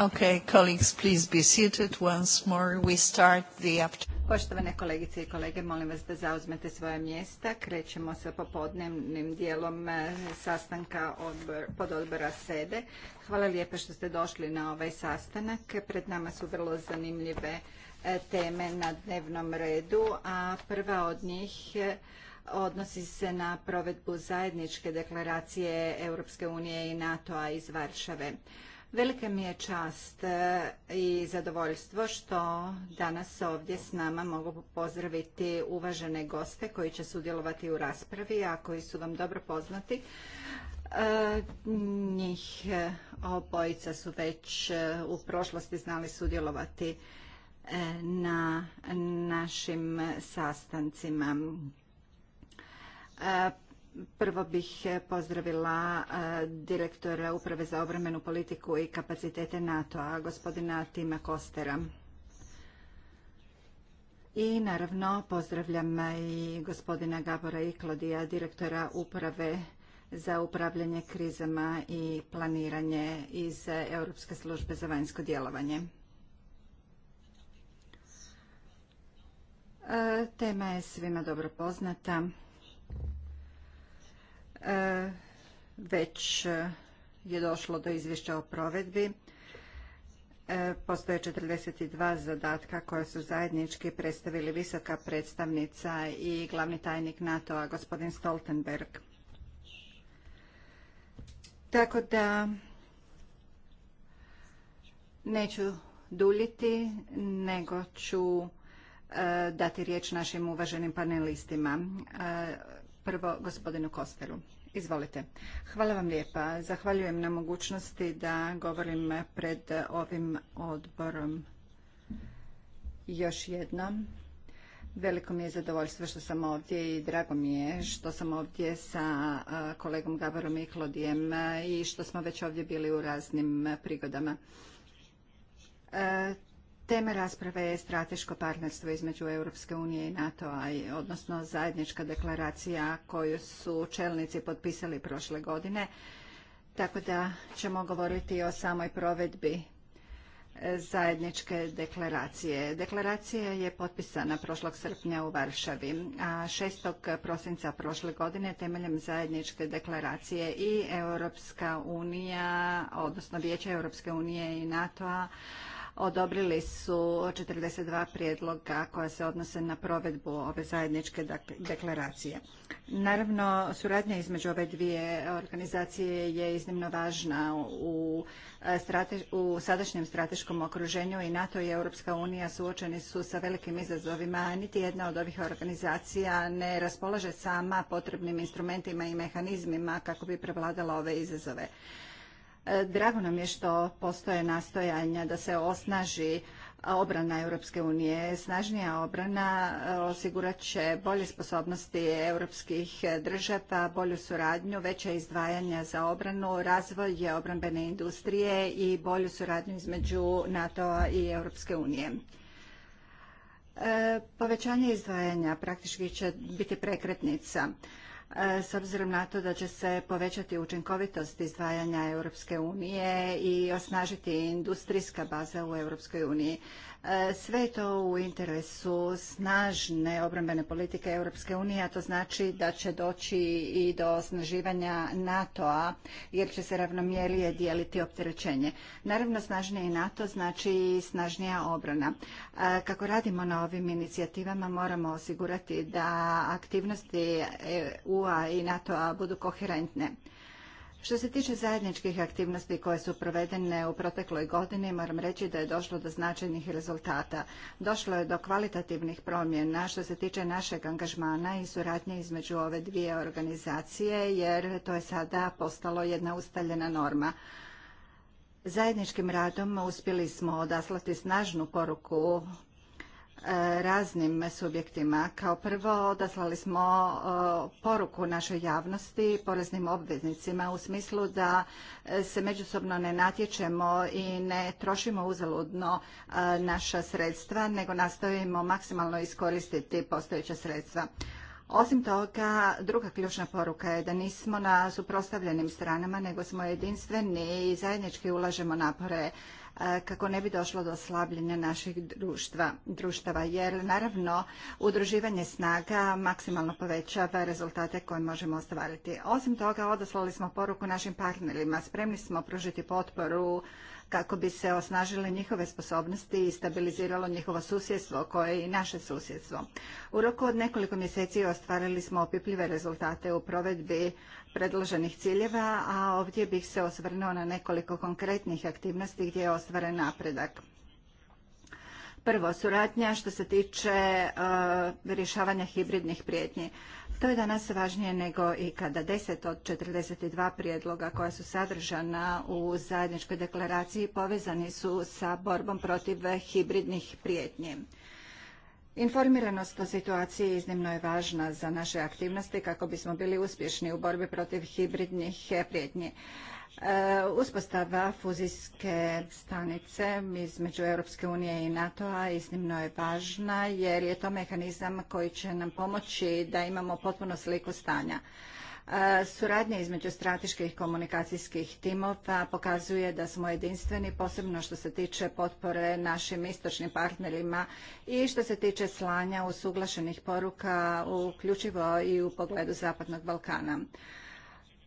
Okay, colleagues, please be seated once more. We start the Poštovane kolegice i kolege, molim vas da zauzmete svoje mjesta. Krećemo sa popodnevnim dijelom eh, sastanka odbor, pod odbora SEDE. Hvala lijepa što ste došli na ovaj sastanak. Pred nama su vrlo zanimljive eh, teme na dnevnom redu, a prva od njih eh, odnosi se na provedbu zajedničke deklaracije Europske unije i NATO-a iz Varšave. Velika mi je čast e, i zadovoljstvo što danas ovdje s nama mogu pozdraviti uvažene goste koji će sudjelovati u raspravi, a koji su vam dobro poznati. E, njih e, obojica su već u prošlosti znali sudjelovati na našim sastancima. Prvo bih e, pozdravila e, direktora Uprave za obramenu politiku i kapacitete NATO-a, gospodina Tima Kostera. I naravno pozdravljam i gospodina Gabora Klodija, direktora Uprave za upravljanje krizama i planiranje iz Europske službe za vanjsko djelovanje. E, tema je svima dobro poznata. E, već e, je došlo do izvješća o provedbi. E, postoje 42 zadatka koje su zajednički predstavili visoka predstavnica i glavni tajnik NATO-a, gospodin Stoltenberg. Tako da neću duljiti, nego ću dati riječ našim uvaženim panelistima. Prvo gospodinu Kosteru. Izvolite. Hvala vam lijepa. Zahvaljujem na mogućnosti da govorim pred ovim odborom još jednom. Veliko mi je zadovoljstvo što sam ovdje i drago mi je što sam ovdje sa kolegom Gaborom i Klodijem i što smo već ovdje bili u raznim prigodama. Tema rasprave je strateško partnerstvo između Europske unije i NATO-a, odnosno zajednička deklaracija koju su čelnici potpisali prošle godine, tako da ćemo govoriti o samoj provedbi e, zajedničke deklaracije. Deklaracija je potpisana prošlog srpnja u Varšavi, a 6. prosinca prošle godine temeljem zajedničke deklaracije i Europska unija, odnosno Vijeće Europske unije i NATO-a odobrili su 42 prijedloga koja se odnose na provedbu ove zajedničke dakle, deklaracije. Naravno, suradnja između ove dvije organizacije je iznimno važna u, e, u sadašnjem strateškom okruženju i NATO i Europska unija suočeni su sa velikim izazovima, niti jedna od ovih organizacija ne raspolaže sama potrebnim instrumentima i mehanizmima kako bi prevladala ove izazove. E, drago nam je što postoje nastojanja da se osnaži e, obrana Europske unije. Snažnija obrana e, osigurat će bolje sposobnosti europskih država, bolju suradnju, veća izdvajanja za obranu, razvoj obrambene industrije i bolju suradnju između NATO-a i Europske unije. Povećanje izdvajanja praktički će biti prekretnica. E, s obzirom na to da će se povećati učinkovitost izdvajanja Europske unije i osnažiti industrijska baza u Europskoj uniji. E, sve je to u interesu snažne obrambene politike Europske unije, a to znači da će doći i do osnaživanja NATO-a jer će se ravnomjerije dijeliti opterećenje. Naravno, i NATO znači i snažnija obrana. E, kako radimo na ovim inicijativama, moramo osigurati da aktivnosti EU-a i NATO-a budu koherentne. Što se tiče zajedničkih aktivnosti koje su provedene u protekloj godini, moram reći da je došlo do značajnih rezultata. Došlo je do kvalitativnih promjena što se tiče našeg angažmana i suradnje između ove dvije organizacije, jer to je sada postalo jedna ustaljena norma. Zajedničkim radom uspjeli smo odaslati snažnu poruku raznim subjektima. Kao prvo odaslali smo e, poruku našoj javnosti, poreznim obveznicima u smislu da e, se međusobno ne natječemo i ne trošimo uzaludno e, naša sredstva, nego nastavimo maksimalno iskoristiti postojeća sredstva. Osim toga, druga ključna poruka je da nismo na suprostavljenim stranama, nego smo jedinstveni i zajednički ulažemo napore kako ne bi došlo do oslabljenja naših društva, društava. Jer naravno udruživanje snaga maksimalno povećava rezultate koje možemo ostvariti. Osim toga odoslali smo poruku našim partnerima. Spremni smo pružiti potporu kako bi se osnažile njihove sposobnosti i stabiliziralo njihovo susjedstvo koje je i naše susjedstvo. U roku od nekoliko mjeseci ostvarili smo opipljive rezultate u provedbi predloženih ciljeva, a ovdje bih se osvrnuo na nekoliko konkretnih aktivnosti gdje je ostvaren napredak. Prvo, suradnja što se tiče e, rješavanja hibridnih prijetnji. To je danas važnije nego i kada 10 od 42 prijedloga koja su sadržana u zajedničkoj deklaraciji povezani su sa borbom protiv hibridnih prijetnji. Informiranost o situaciji iznimno je važna za naše aktivnosti kako bismo bili uspješni u borbi protiv hibridnih prijetnji. E, uspostava fuzijske stanice između Europske unije i NATO-a iznimno je važna jer je to mehanizam koji će nam pomoći da imamo potpuno sliku stanja. Suradnja između strateških komunikacijskih timova pokazuje da smo jedinstveni, posebno što se tiče potpore našim istočnim partnerima i što se tiče slanja usuglašenih poruka, uključivo i u pogledu Zapadnog Balkana.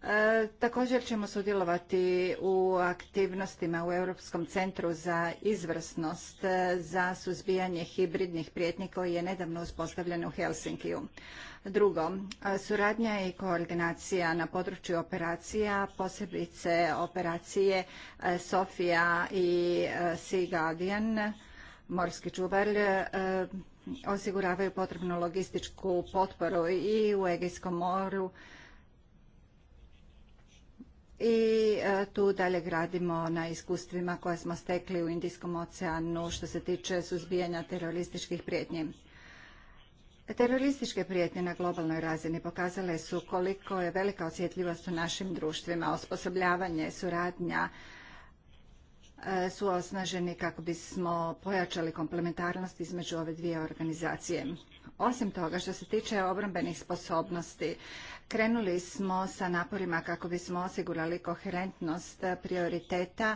E, također ćemo sudjelovati u aktivnostima u Europskom centru za izvrsnost e, za suzbijanje hibridnih prijetnji koji je nedavno uspostavljen u Helsinkiju. Drugo, e, suradnja i koordinacija na području operacija, posebice operacije Sofia i Sea Guardian, morski čuvar, osiguravaju potrebnu logističku potporu i u Egejskom moru, i e, tu dalje gradimo na iskustvima koje smo stekli u Indijskom oceanu što se tiče suzbijanja terorističkih prijetnji. Terorističke prijetnje na globalnoj razini pokazale su koliko je velika osjetljivost u našim društvima, osposobljavanje, suradnja e, su osnaženi kako bismo pojačali komplementarnost između ove dvije organizacije. Osim toga, što se tiče obrambenih sposobnosti, krenuli smo sa naporima kako bismo osigurali koherentnost prioriteta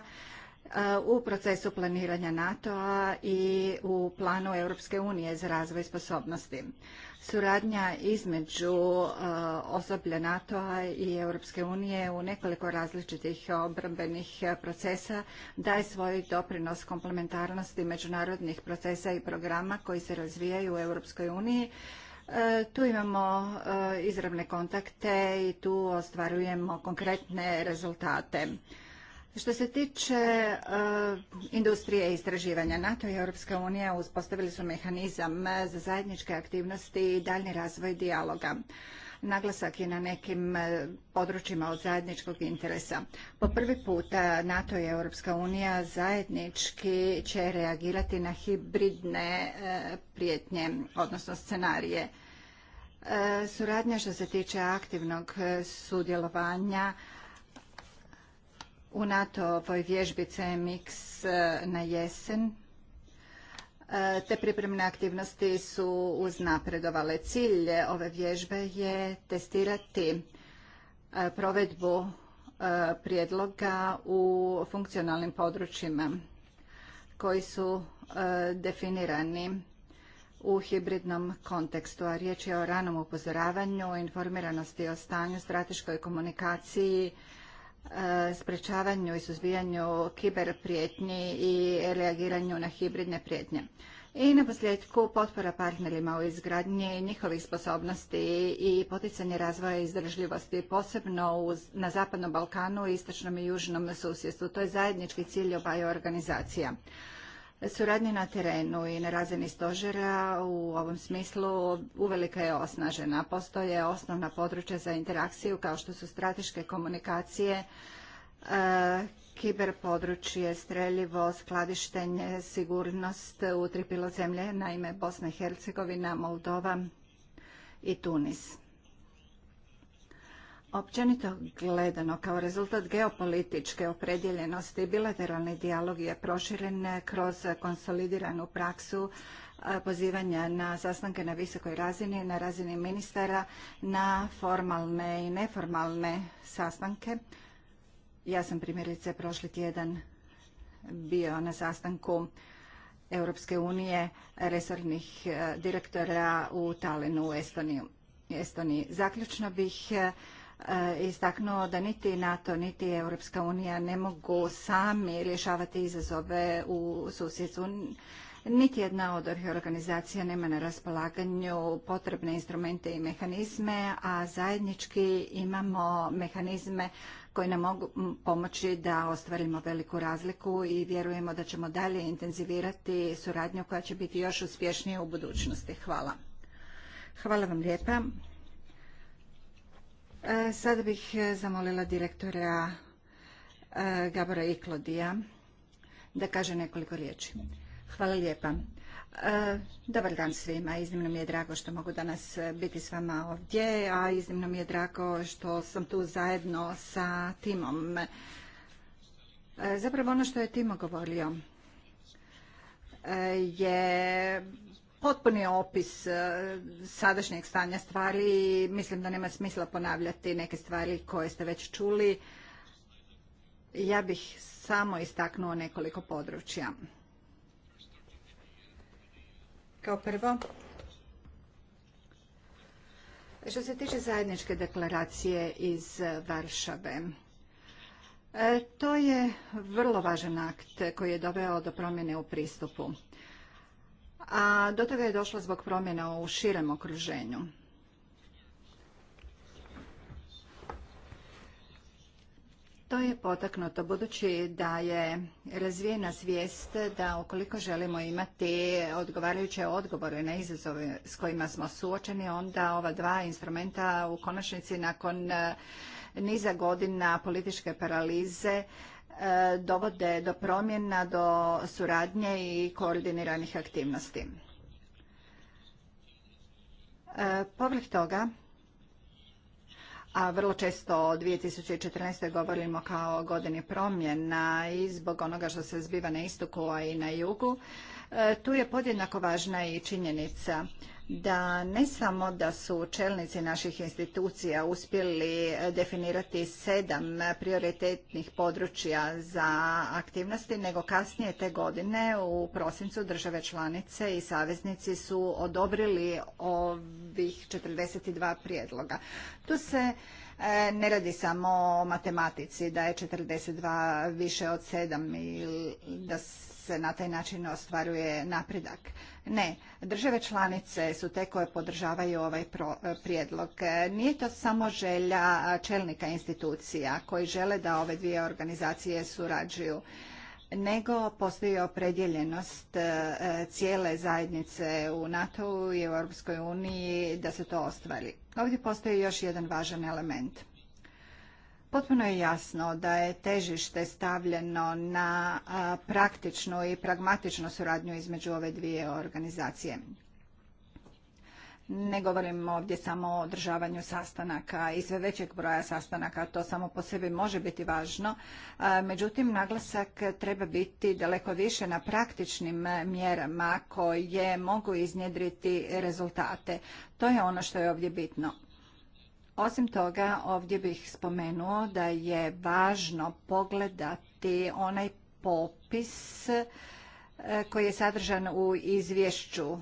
u procesu planiranja NATO-a i u planu Europske unije za razvoj sposobnosti. Suradnja između e, osoblja NATO-a i Europske unije u nekoliko različitih obrambenih procesa daje svoj doprinos komplementarnosti međunarodnih procesa i programa koji se razvijaju u Europskoj uniji e, tu imamo e, izravne kontakte i tu ostvarujemo konkretne rezultate. Što se tiče e, industrije i istraživanja, NATO i Europska unija uspostavili su mehanizam za zajedničke aktivnosti i daljni razvoj dijaloga. Naglasak je na nekim e, područjima od zajedničkog interesa. Po prvi puta NATO i Europska unija zajednički će reagirati na hibridne e, prijetnje, odnosno scenarije. suradnja što se tiče aktivnog sudjelovanja u NATO-ovoj vježbi CMX e, na jesen. E, te pripremne aktivnosti su uznapredovale. Cilj ove vježbe je testirati e, provedbu prijedloga u funkcionalnim područjima koji su definirani u hibridnom kontekstu, a riječ je o ranom upozoravanju, informiranosti o stanju, strateškoj komunikaciji, E, sprečavanju i suzbijanju kiber prijetnji i reagiranju na hibridne prijetnje. I na posljedku potpora partnerima u izgradnji njihovih sposobnosti i poticanje razvoja izdržljivosti, posebno na Zapadnom Balkanu, istočnom i južnom susjedstvu. To je zajednički cilj obaju organizacija. Suradnja na terenu i na razini stožera u ovom smislu uvelika je osnažena. Postoje osnovna područja za interakciju kao što su strateške komunikacije, e, kiber područje, streljivo, skladištenje, sigurnost u tri pilo zemlje, naime Bosna i Hercegovina, Moldova i Tunis. Općenito gledano, kao rezultat geopolitičke opredjeljenosti, bilateralni dijalog je proširen kroz konsolidiranu praksu e, pozivanja na sastanke na visokoj razini, na razini ministara, na formalne i neformalne sastanke. Ja sam primjerice prošli tjedan bio na sastanku Europske unije resornih e, direktora u Talinu u Estoniji. Zaključno bih e, Eh, istaknuo da niti NATO niti Europska unija ne mogu sami rješavati izazove u susjedstvu. Niti jedna od ovih organizacija nema na raspolaganju potrebne instrumente i mehanizme, a zajednički imamo mehanizme koji nam mogu pomoći da ostvarimo veliku razliku i vjerujemo da ćemo dalje intenzivirati suradnju koja će biti još uspješnija u budućnosti. Hvala. Hvala vam lijepa. Sada bih e, zamolila direktora e, Gabora Iklodija da kaže nekoliko riječi. Hvala lijepa. E, dobar dan svima. Iznimno mi je drago što mogu danas biti s vama ovdje, a iznimno mi je drago što sam tu zajedno sa timom. Zapravo ono što je Timo govorio je potpuni opis e, sadašnjeg stanja stvari i mislim da nema smisla ponavljati neke stvari koje ste već čuli. Ja bih samo istaknuo nekoliko područja. Kao prvo, što se tiče zajedničke deklaracije iz Varšave, e, to je vrlo važan akt koji je doveo do promjene u pristupu a do toga je došlo zbog promjena u širem okruženju. To je potaknuto budući da je razvijena svijest da ukoliko želimo imati odgovarajuće odgovore na izazove s kojima smo suočeni, onda ova dva instrumenta u konačnici nakon eh, niza godina političke paralize E, dovode do promjena, do suradnje i koordiniranih aktivnosti. E, povrh toga, a vrlo često o 2014. govorimo kao godini promjena i zbog onoga što se zbiva na istoku, a i na jugu, e, tu je podjednako važna i činjenica da ne samo da su čelnici naših institucija uspjeli eh, definirati sedam prioritetnih područja za aktivnosti, nego kasnije te godine u prosincu države članice i saveznici su odobrili ovih 42 prijedloga. Tu se eh, ne radi samo o matematici, da je 42 više od sedam ili da se na taj način ostvaruje napredak. Ne, države članice su te koje podržavaju ovaj e, prijedlog. E, nije to samo želja čelnika institucija koji žele da ove dvije organizacije surađuju nego postoji opredjeljenost e, cijele zajednice u NATO-u i u Europskoj uniji da se to ostvari. Ovdje postoji još jedan važan element – Potpuno je jasno da je težište stavljeno na praktičnu i pragmatičnu suradnju između ove dvije organizacije. Ne govorim ovdje samo o održavanju sastanaka i sve većeg broja sastanaka, to samo po sebi može biti važno. Međutim, naglasak treba biti daleko više na praktičnim mjerama koje mogu iznjedriti rezultate. To je ono što je ovdje bitno. Osim toga, ovdje bih spomenuo da je važno pogledati onaj popis eh, koji je sadržan u izvješću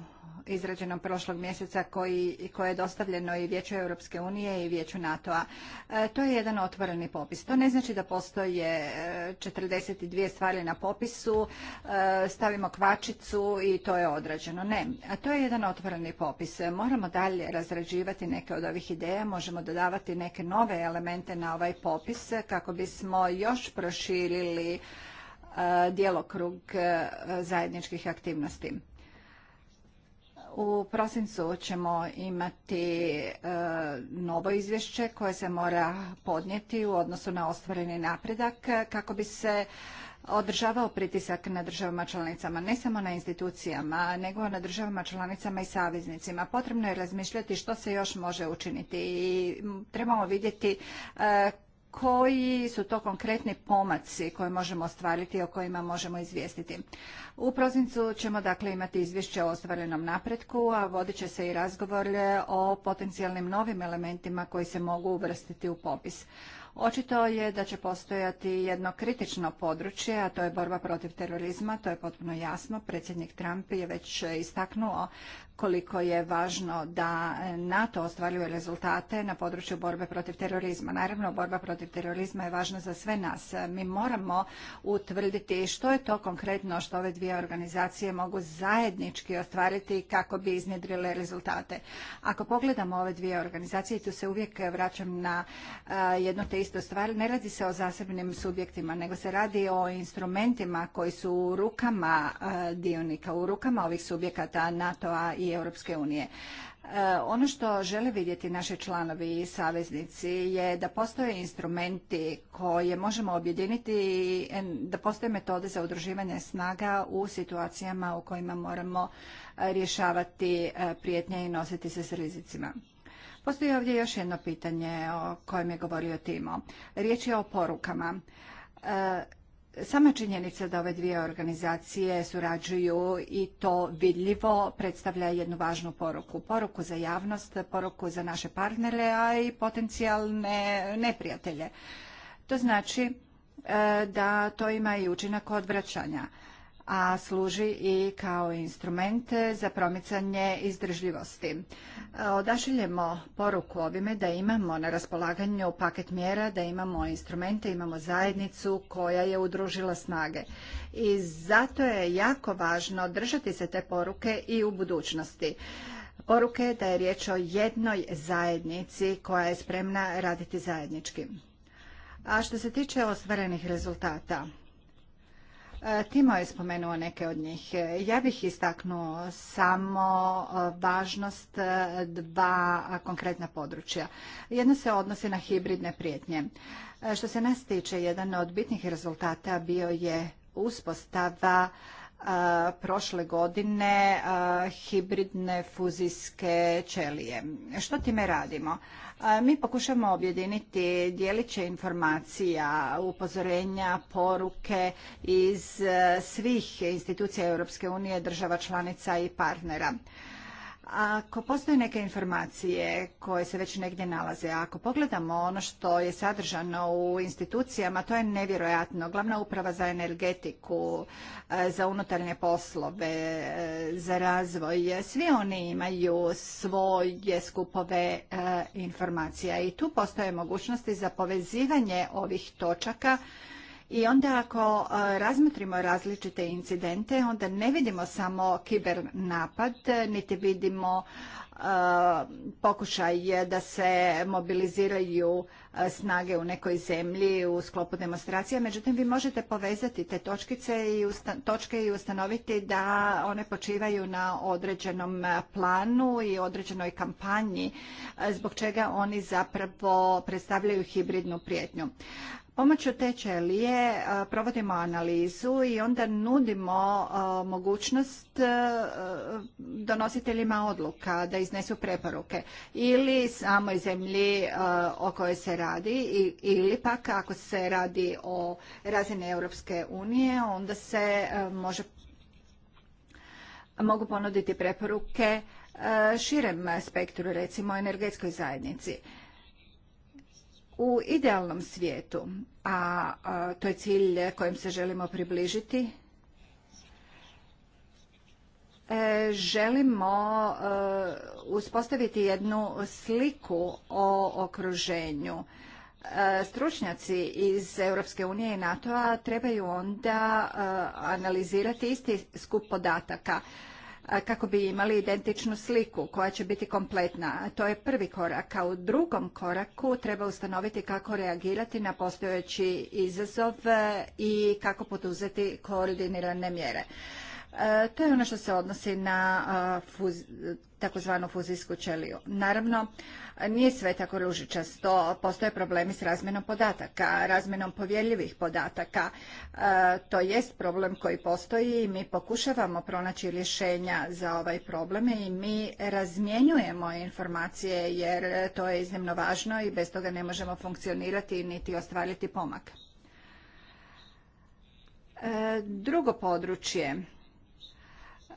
izrađenom prošlog mjeseca koji, koje je dostavljeno i Vijeću Europske unije i Vijeću NATO-a. E, to je jedan otvoreni popis. To ne znači da postoje 42 e, stvari na popisu, e, stavimo kvačicu i to je odrađeno. Ne, a to je jedan otvoreni popis. Moramo dalje razrađivati neke od ovih ideja, možemo dodavati neke nove elemente na ovaj popis kako bismo još proširili djelokrug zajedničkih aktivnosti. U prosincu ćemo imati e, novo izvješće koje se mora podnijeti u odnosu na ostvareni napredak kako bi se održavao pritisak na državama članicama, ne samo na institucijama, nego na državama članicama i saveznicima. Potrebno je razmišljati što se još može učiniti i trebamo vidjeti e, koji su to konkretni pomaci koje možemo ostvariti i o kojima možemo izvijestiti. U prozincu ćemo dakle imati izvješće o ostvarenom napretku, a vodit će se i razgovor o potencijalnim novim elementima koji se mogu uvrstiti u popis. Očito je da će postojati jedno kritično područje, a to je borba protiv terorizma, to je potpuno jasno. Predsjednik Trump je već istaknuo koliko je važno da NATO ostvaruje rezultate na području borbe protiv terorizma. Naravno, borba protiv terorizma je važna za sve nas. Mi moramo utvrditi što je to konkretno što ove dvije organizacije mogu zajednički ostvariti kako bi iznjedrile rezultate. Ako pogledamo ove dvije organizacije, tu se uvijek vraćam na jedno te isto stvar. Ne radi se o zasebnim subjektima, nego se radi o instrumentima koji su u rukama dionika, u rukama ovih subjekata NATO-a i Europske unije. E, ono što žele vidjeti naši članovi i saveznici je da postoje instrumenti koje možemo objediniti, i da postoje metode za udruživanje snaga u situacijama u kojima moramo e, rješavati e, prijetnje i nositi se s rizicima. Postoji ovdje još jedno pitanje o kojem je govorio Timo. Riječ je o porukama. Sama činjenica da ove dvije organizacije surađuju i to vidljivo predstavlja jednu važnu poruku. Poruku za javnost, poruku za naše partnere, a i potencijalne neprijatelje. To znači e, da to ima i učinak odvraćanja a služi i kao instrumente za promicanje izdržljivosti. E, odašiljemo poruku ovime da imamo na raspolaganju paket mjera, da imamo instrumente, imamo zajednicu koja je udružila snage. I zato je jako važno držati se te poruke i u budućnosti. Poruke da je riječ o jednoj zajednici koja je spremna raditi zajednički. A što se tiče ostvarenih rezultata, Timo je spomenuo neke od njih. Ja bih istaknuo samo e, važnost e, dva konkretna područja. Jedno se odnosi na hibridne prijetnje. E, što se nas tiče, jedan od bitnih rezultata bio je uspostava prošle godine hibridne fuzijske ćelije. Što time radimo? Mi pokušamo objediniti dijeliće informacija, upozorenja, poruke iz e, svih institucija Europske unije, država članica i partnera. Ako postoje neke informacije koje se već negdje nalaze, ako pogledamo ono što je sadržano u institucijama, to je nevjerojatno. Glavna uprava za energetiku, e, za unutarnje poslove, e, za razvoj, svi oni imaju svoje skupove e, informacija i tu postoje mogućnosti za povezivanje ovih točaka i onda ako e, razmotrimo različite incidente, onda ne vidimo samo napad, niti vidimo e, pokušaj da se mobiliziraju e, snage u nekoj zemlji u sklopu demonstracija. Međutim, vi možete povezati te točkice i točke i ustanoviti da one počivaju na određenom planu i određenoj kampanji, zbog čega oni zapravo predstavljaju hibridnu prijetnju. Pomoću te čelije provodimo analizu i onda nudimo mogućnost donositeljima odluka da iznesu preporuke ili samoj zemlji o kojoj se radi ili pak ako se radi o razini Europske unije onda se može mogu ponuditi preporuke širem spektru recimo energetskoj zajednici. U idealnom svijetu, a to je cilj kojem se želimo približiti, e, želimo e, uspostaviti jednu sliku o okruženju. E, stručnjaci iz Europske unije i NATO-a trebaju onda analizirati isti skup podataka kako bi imali identičnu sliku koja će biti kompletna. To je prvi korak, a u drugom koraku treba ustanoviti kako reagirati na postojeći izazov e, i kako poduzeti koordinirane mjere. E, to je ono što se odnosi na e, takozvanu fuzijsku ćeliju. Naravno, nije sve tako ružičasto. Postoje problemi s razmjenom podataka, razmjenom povjerljivih podataka. E, to jest problem koji postoji i mi pokušavamo pronaći rješenja za ovaj problem i mi razmjenjujemo informacije jer to je iznimno važno i bez toga ne možemo funkcionirati niti ostvariti pomak. Drugo područje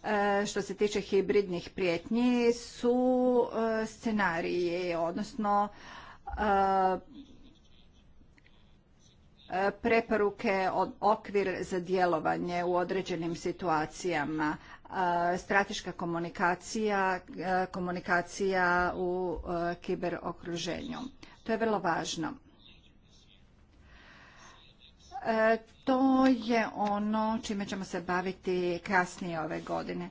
E, što se tiče hibridnih prijetnji su e, scenariji, odnosno e, preporuke, okvir za djelovanje u određenim situacijama, strateška komunikacija, komunikacija u kiber okruženju. To je vrlo važno. E, to je ono čime ćemo se baviti kasnije ove godine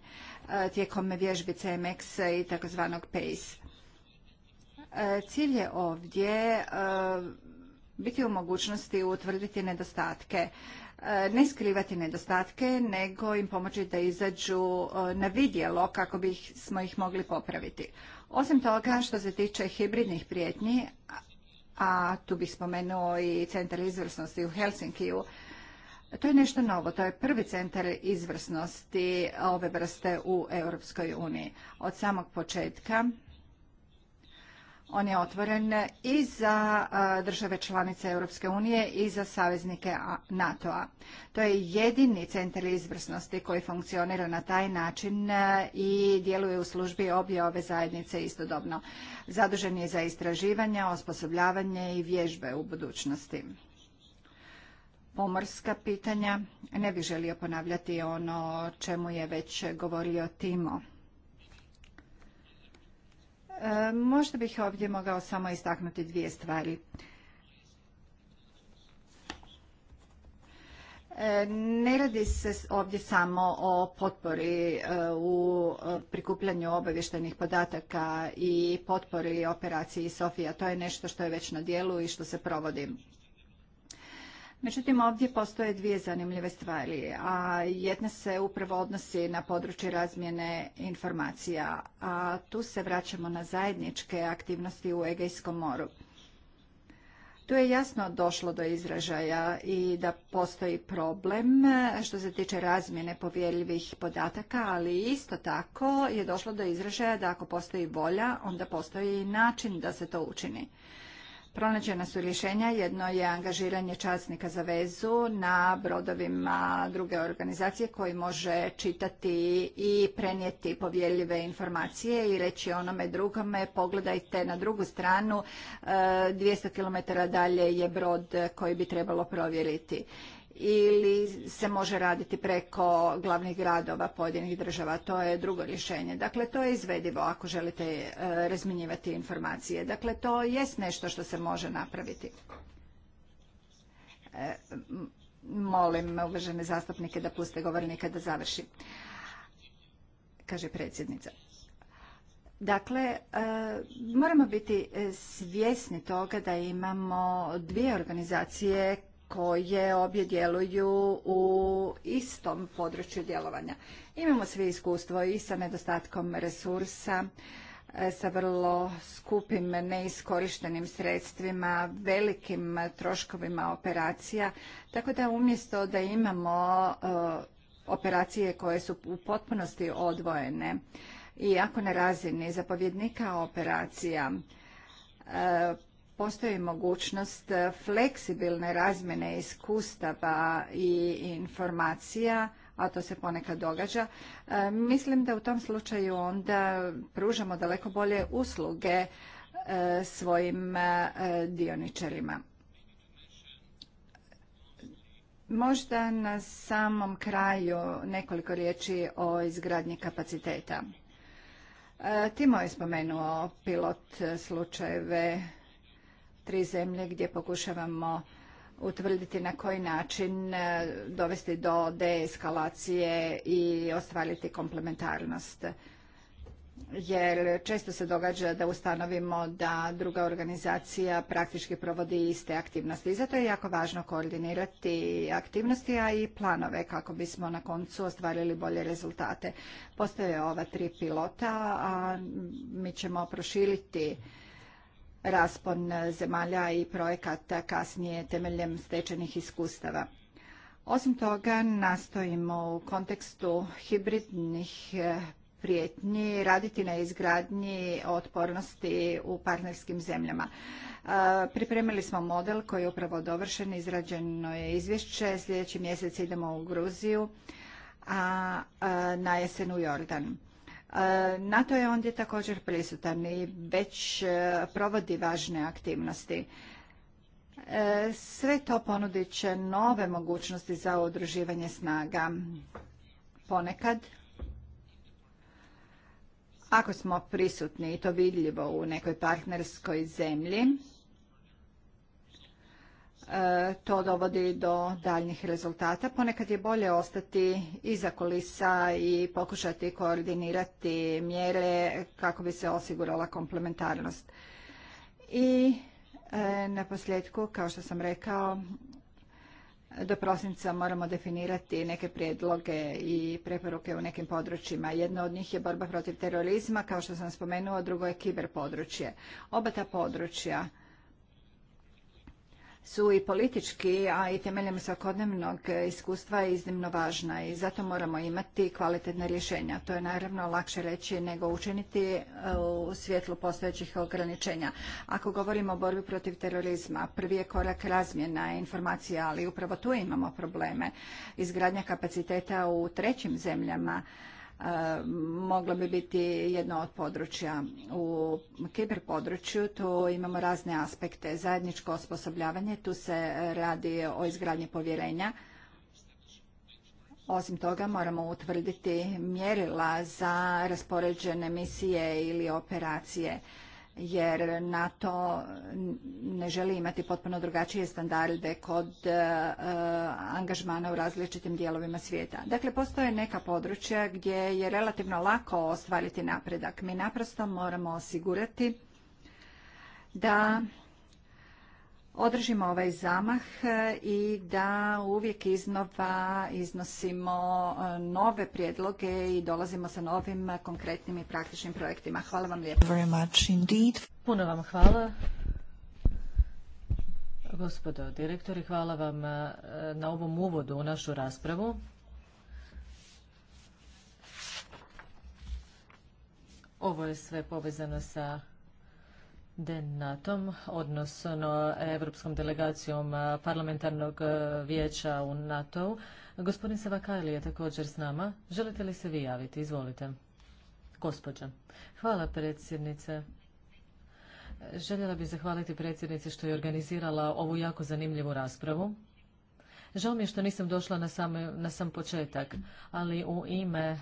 e, tijekom vježbi CMX i takozvanog PACE. E, cilj je ovdje biti u mogućnosti utvrditi nedostatke. Ne skrivati nedostatke, nego im pomoći da izađu na vidjelo kako bismo smo ih mogli popraviti. Osim toga, što se tiče hibridnih prijetnji, a tu bih spomenuo i centar izvrsnosti u Helsinkiju. To je nešto novo, to je prvi centar izvrsnosti ove vrste u Europskoj uniji. Od samog početka on je otvoren i za države članice Europske unije i za saveznike NATO-a. To je jedini centar izvrsnosti koji funkcionira na taj način i djeluje u službi obje ove zajednice istodobno. Zadužen je za istraživanja, osposobljavanje i vježbe u budućnosti. Pomorska pitanja, ne bih želio ponavljati ono čemu je već govorio Timo. E, možda bih ovdje mogao samo istaknuti dvije stvari. E, ne radi se ovdje samo o potpori e, u prikupljanju obavještajnih podataka i potpori operaciji Sofija. To je nešto što je već na dijelu i što se provodi. Međutim, ovdje postoje dvije zanimljive stvari, a jedna se upravo odnosi na područje razmjene informacija, a tu se vraćamo na zajedničke aktivnosti u Egejskom moru. Tu je jasno došlo do izražaja i da postoji problem što se tiče razmjene povjerljivih podataka, ali isto tako je došlo do izražaja da ako postoji volja, onda postoji i način da se to učini. Pronađena su rješenja, jedno je angažiranje časnika za vezu na brodovima druge organizacije koji može čitati i prenijeti povjerljive informacije i reći onome drugome pogledajte na drugu stranu, 200 e, km dalje je brod koji bi trebalo provjeriti ili se može raditi preko glavnih gradova pojedinih država. To je drugo rješenje. Dakle, to je izvedivo ako želite e, razminjivati informacije. Dakle, to jest nešto što se može napraviti. E, molim uvažene zastupnike da puste govornika da završi, kaže predsjednica. Dakle, e, moramo biti svjesni toga da imamo dvije organizacije koje obje djeluju u istom području djelovanja. Imamo svi iskustvo i sa nedostatkom resursa, e, sa vrlo skupim neiskorištenim sredstvima, velikim troškovima operacija, tako da umjesto da imamo e, operacije koje su u potpunosti odvojene i ako na razini zapovjednika operacija e, postoji mogućnost e, fleksibilne razmjene iskustava i informacija, a to se ponekad događa, e, mislim da u tom slučaju onda pružamo daleko bolje usluge e, svojim dioničarima. Možda na samom kraju nekoliko riječi o izgradnji kapaciteta. Timo je spomenuo pilot slučajeve tri zemlje gdje pokušavamo utvrditi na koji način e, dovesti do deeskalacije i ostvariti komplementarnost. Jer često se događa da ustanovimo da druga organizacija praktički provodi iste aktivnosti. I zato je jako važno koordinirati aktivnosti, a i planove kako bismo na koncu ostvarili bolje rezultate. Postoje ova tri pilota, a mi ćemo proširiti raspon zemalja i projekata kasnije temeljem stečenih iskustava. Osim toga, nastojimo u kontekstu hibridnih eh, prijetnji raditi na izgradnji otpornosti u partnerskim zemljama. Eh, pripremili smo model koji je upravo dovršen, izrađeno je izvješće, sljedeći mjesec idemo u Gruziju, a eh, na jesen u Jordan. E, NATO je ondje također prisutan i već e, provodi važne aktivnosti. E, sve to ponudit će nove mogućnosti za udruživanje snaga. Ponekad, ako smo prisutni i to vidljivo u nekoj partnerskoj zemlji, E, to dovodi do daljnjih rezultata. Ponekad je bolje ostati iza kulisa i pokušati koordinirati mjere kako bi se osigurala komplementarnost. I e, na posljedku, kao što sam rekao, do prosinca moramo definirati neke prijedloge i preporuke u nekim područjima. Jedno od njih je borba protiv terorizma, kao što sam spomenuo, drugo je kiber područje. Oba ta područja su i politički, a i temeljem svakodnevnog iskustva iznimno važna i zato moramo imati kvalitetna rješenja. To je naravno lakše reći nego učiniti e, u svjetlu postojećih ograničenja. Ako govorimo o borbi protiv terorizma, prvi je korak razmjena informacija, ali upravo tu imamo probleme. Izgradnja kapaciteta u trećim zemljama E, moglo bi biti jedno od područja. U kiber području tu imamo razne aspekte. Zajedničko osposobljavanje, tu se radi o izgradnji povjerenja. Osim toga moramo utvrditi mjerila za raspoređene misije ili operacije jer NATO ne želi imati potpuno drugačije standarde kod e, angažmana u različitim dijelovima svijeta. Dakle, postoje neka područja gdje je relativno lako ostvariti napredak. Mi naprosto moramo osigurati da održimo ovaj zamah e, i da uvijek iznova iznosimo e, nove prijedloge i dolazimo sa novim e, konkretnim i praktičnim projektima. Hvala vam lijepo. Puno vam hvala. Gospodo direktori, hvala vam na ovom uvodu u našu raspravu. Ovo je sve povezano sa denatom odnosno europskom delegacijom parlamentarnog vijeća u NATO-u. Gospodin Savakajli je također s nama. Želite li se vi javiti? Izvolite. Gospodža. Hvala predsjednice. Željela bih zahvaliti predsjednici što je organizirala ovu jako zanimljivu raspravu. Žao mi je što nisam došla na, na sam početak, ali u ime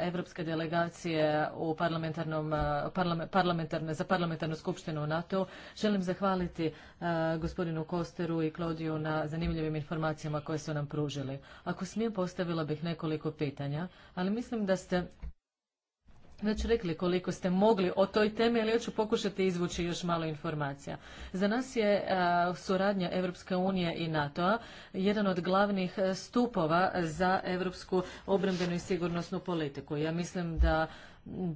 Europske delegacije u parlamentarnom, e, parlamentarne, za parlamentarnu skupštinu NATO želim zahvaliti e, gospodinu Kosteru i Klodiju na zanimljivim informacijama koje su nam pružili. Ako smijem, postavila bih nekoliko pitanja, ali mislim da ste već rekli koliko ste mogli o toj temi, ali ja ću pokušati izvući još malo informacija. Za nas je e, suradnja Europske unije i NATO-a jedan od glavnih stupova za europsku obrambenu i sigurnosnu politiku. Ja mislim da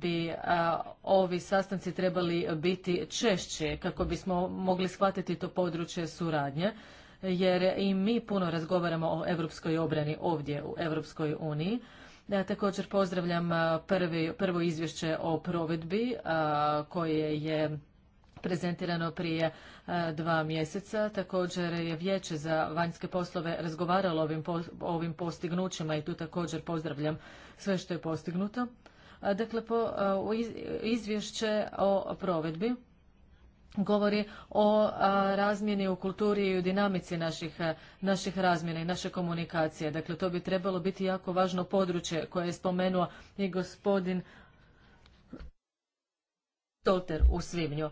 bi e, ovi sastanci trebali biti češće kako bismo mogli shvatiti to područje suradnje jer i mi puno razgovaramo o europskoj obrani ovdje u Europskoj uniji da, također pozdravljam prvi, prvo izvješće o provedbi koje je prezentirano prije dva mjeseca. Također je Vijeće za vanjske poslove razgovaralo o ovim, po, ovim postignućima i tu također pozdravljam sve što je postignuto. dakle, po, izvješće o provedbi govori o razmjeni u kulturi i u dinamici naših, naših razmjena i naše komunikacije. Dakle, to bi trebalo biti jako važno područje koje je spomenuo i gospodin Stolter u svibnju.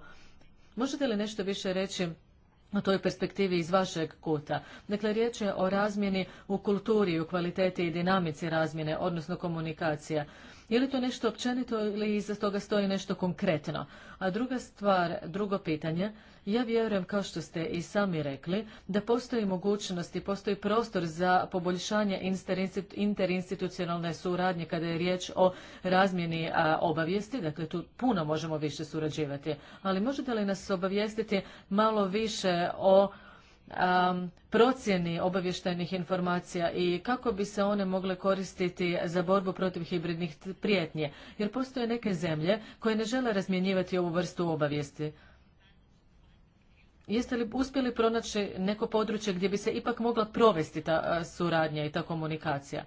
Možete li nešto više reći o toj perspektivi iz vašeg kuta? Dakle, riječ je o razmjeni u kulturi, u kvaliteti i dinamici razmjene, odnosno komunikacija. Je li to nešto općenito ili iza toga stoji nešto konkretno? A druga stvar, drugo pitanje, ja vjerujem, kao što ste i sami rekli, da postoji mogućnost i postoji prostor za poboljšanje interinstitucionalne suradnje kada je riječ o razmjeni obavijesti, dakle tu puno možemo više surađivati, ali možete li nas obavijestiti malo više o procjeni obavještajnih informacija i kako bi se one mogle koristiti za borbu protiv hibridnih prijetnje. Jer postoje neke zemlje koje ne žele razmjenjivati ovu vrstu obavijesti. Jeste li uspjeli pronaći neko područje gdje bi se ipak mogla provesti ta suradnja i ta komunikacija?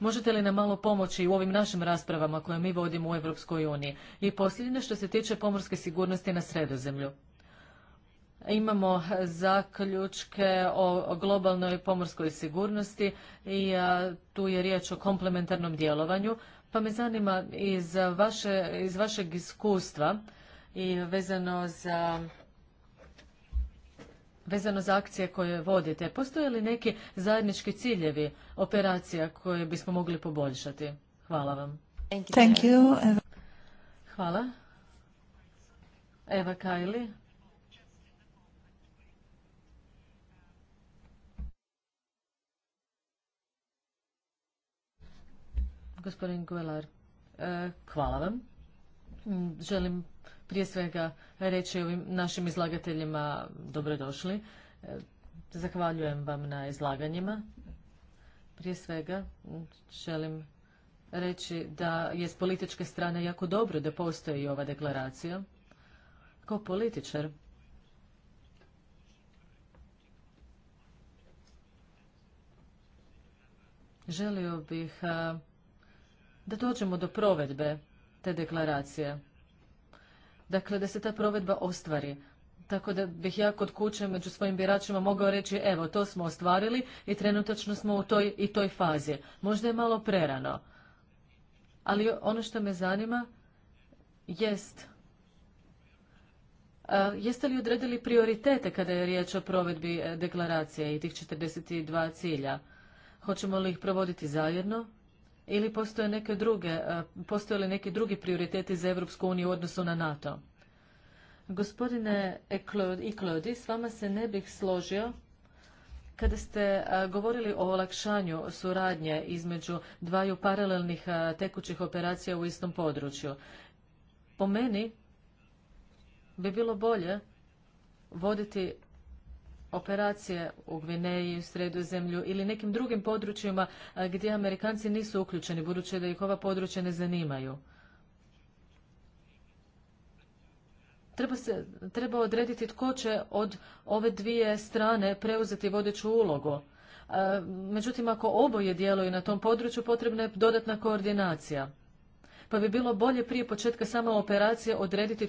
Možete li nam malo pomoći u ovim našim raspravama koje mi vodimo u Europskoj uniji? I posljednje što se tiče pomorske sigurnosti na sredozemlju. Imamo zaključke o globalnoj pomorskoj sigurnosti i tu je riječ o komplementarnom djelovanju. Pa me zanima iz, vašeg iskustva i vezano za vezano za akcije koje vodite. Postoje li neki zajednički ciljevi operacija koje bismo mogli poboljšati? Hvala vam. Hvala. Eva Kajli. Gospodin Guelar, e, hvala vam. Želim prije svega reći ovim našim izlagateljima dobrodošli. E, zahvaljujem vam na izlaganjima. Prije svega želim reći da je s političke strane jako dobro da postoji ova deklaracija. Kao političar želio bih da dođemo do provedbe te deklaracije. Dakle, da se ta provedba ostvari. Tako da bih ja kod kuće među svojim biračima mogao reći evo to smo ostvarili i trenutačno smo u toj i toj fazi. Možda je malo prerano. Ali ono što me zanima jest jeste li odredili prioritete kada je riječ o provedbi e, deklaracije i tih 42 cilja? Hoćemo li ih provoditi zajedno? ili postoje neke druge, e, postoje li neki drugi prioriteti za Europsku uniju u odnosu na NATO? Gospodine Iklodi, s vama se ne bih složio kada ste e, govorili o olakšanju suradnje između dvaju paralelnih e, tekućih operacija u istom području. Po meni bi bilo bolje voditi operacije u Gvineji, u Sredozemlju ili nekim drugim područjima e, gdje Amerikanci nisu uključeni, budući da ih ova područja ne zanimaju. Treba, se, treba odrediti tko će od ove dvije strane preuzeti vodeću ulogu. E, međutim, ako oboje djeluju na tom području, potrebna je dodatna koordinacija pa bi bilo bolje prije početka same operacije odrediti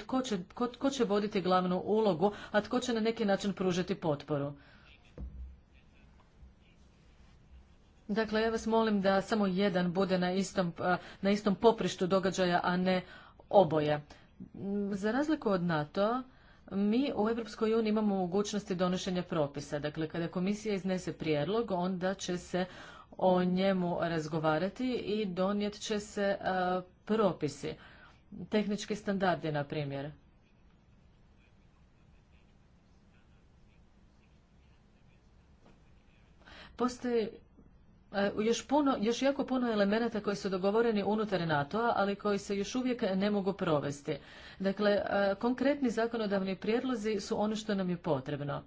tko će, voditi glavnu ulogu, a tko će na neki način pružiti potporu. Dakle, ja vas molim da samo jedan bude na istom, na istom poprištu događaja, a ne oboje. Mm, za razliku od NATO, mi u Europskoj uniji imamo mogućnosti donošenja propisa. Dakle, kada komisija iznese prijedlog, onda će se o njemu razgovarati i donijet će se e, propisi, tehnički standardi, na primjer. Postoji e, još, puno, još jako puno elemenata koji su dogovoreni unutar NATO-a, ali koji se još uvijek ne mogu provesti. Dakle, e, konkretni zakonodavni prijedlozi su ono što nam je potrebno.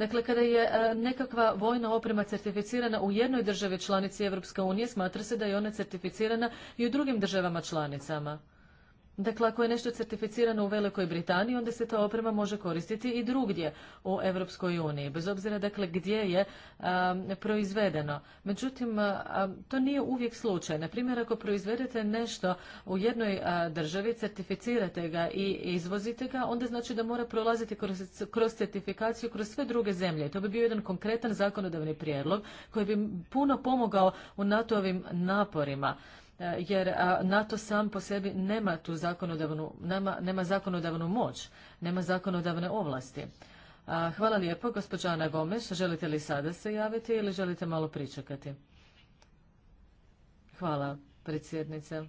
Dakle, kada je e, nekakva vojna oprema certificirana u jednoj državi članici Europske unije, smatra se da je ona certificirana i u drugim državama članicama. Dakle, ako je nešto certificirano u Velikoj Britaniji, onda se ta oprema može koristiti i drugdje u Europskoj uniji, bez obzira dakle gdje je proizvedeno. Međutim, to nije uvijek slučaj. Na primjer, ako proizvedete nešto u jednoj državi, certificirate ga i izvozite ga, onda znači da mora prolaziti kroz, kroz certifikaciju kroz sve druge zemlje. To bi bio jedan konkretan zakonodavni prijedlog koji bi puno pomogao u NATO-ovim naporima. E, jer NATO sam po sebi nema tu zakonodavnu, nema, nema zakonodavnu moć, nema zakonodavne ovlasti. Hvala lijepo, gospođa Ana Gomes. Želite li sada se javiti ili želite malo pričekati? Hvala, predsjednice.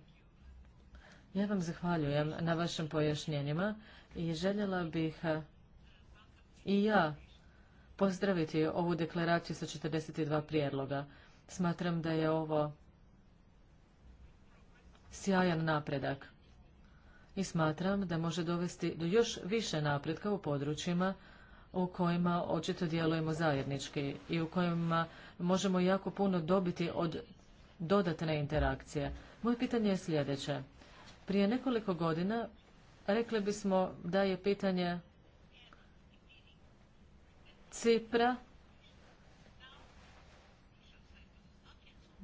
Ja vam zahvaljujem na vašim pojašnjenjima i željela bih i ja pozdraviti ovu deklaraciju sa 42 prijedloga. Smatram da je ovo sjajan napredak i smatram da može dovesti do još više napretka u područjima u kojima očito djelujemo zajednički i u kojima možemo jako puno dobiti od dodatne interakcije. Moje pitanje je sljedeće. Prije nekoliko godina rekli bismo da je pitanje Cipra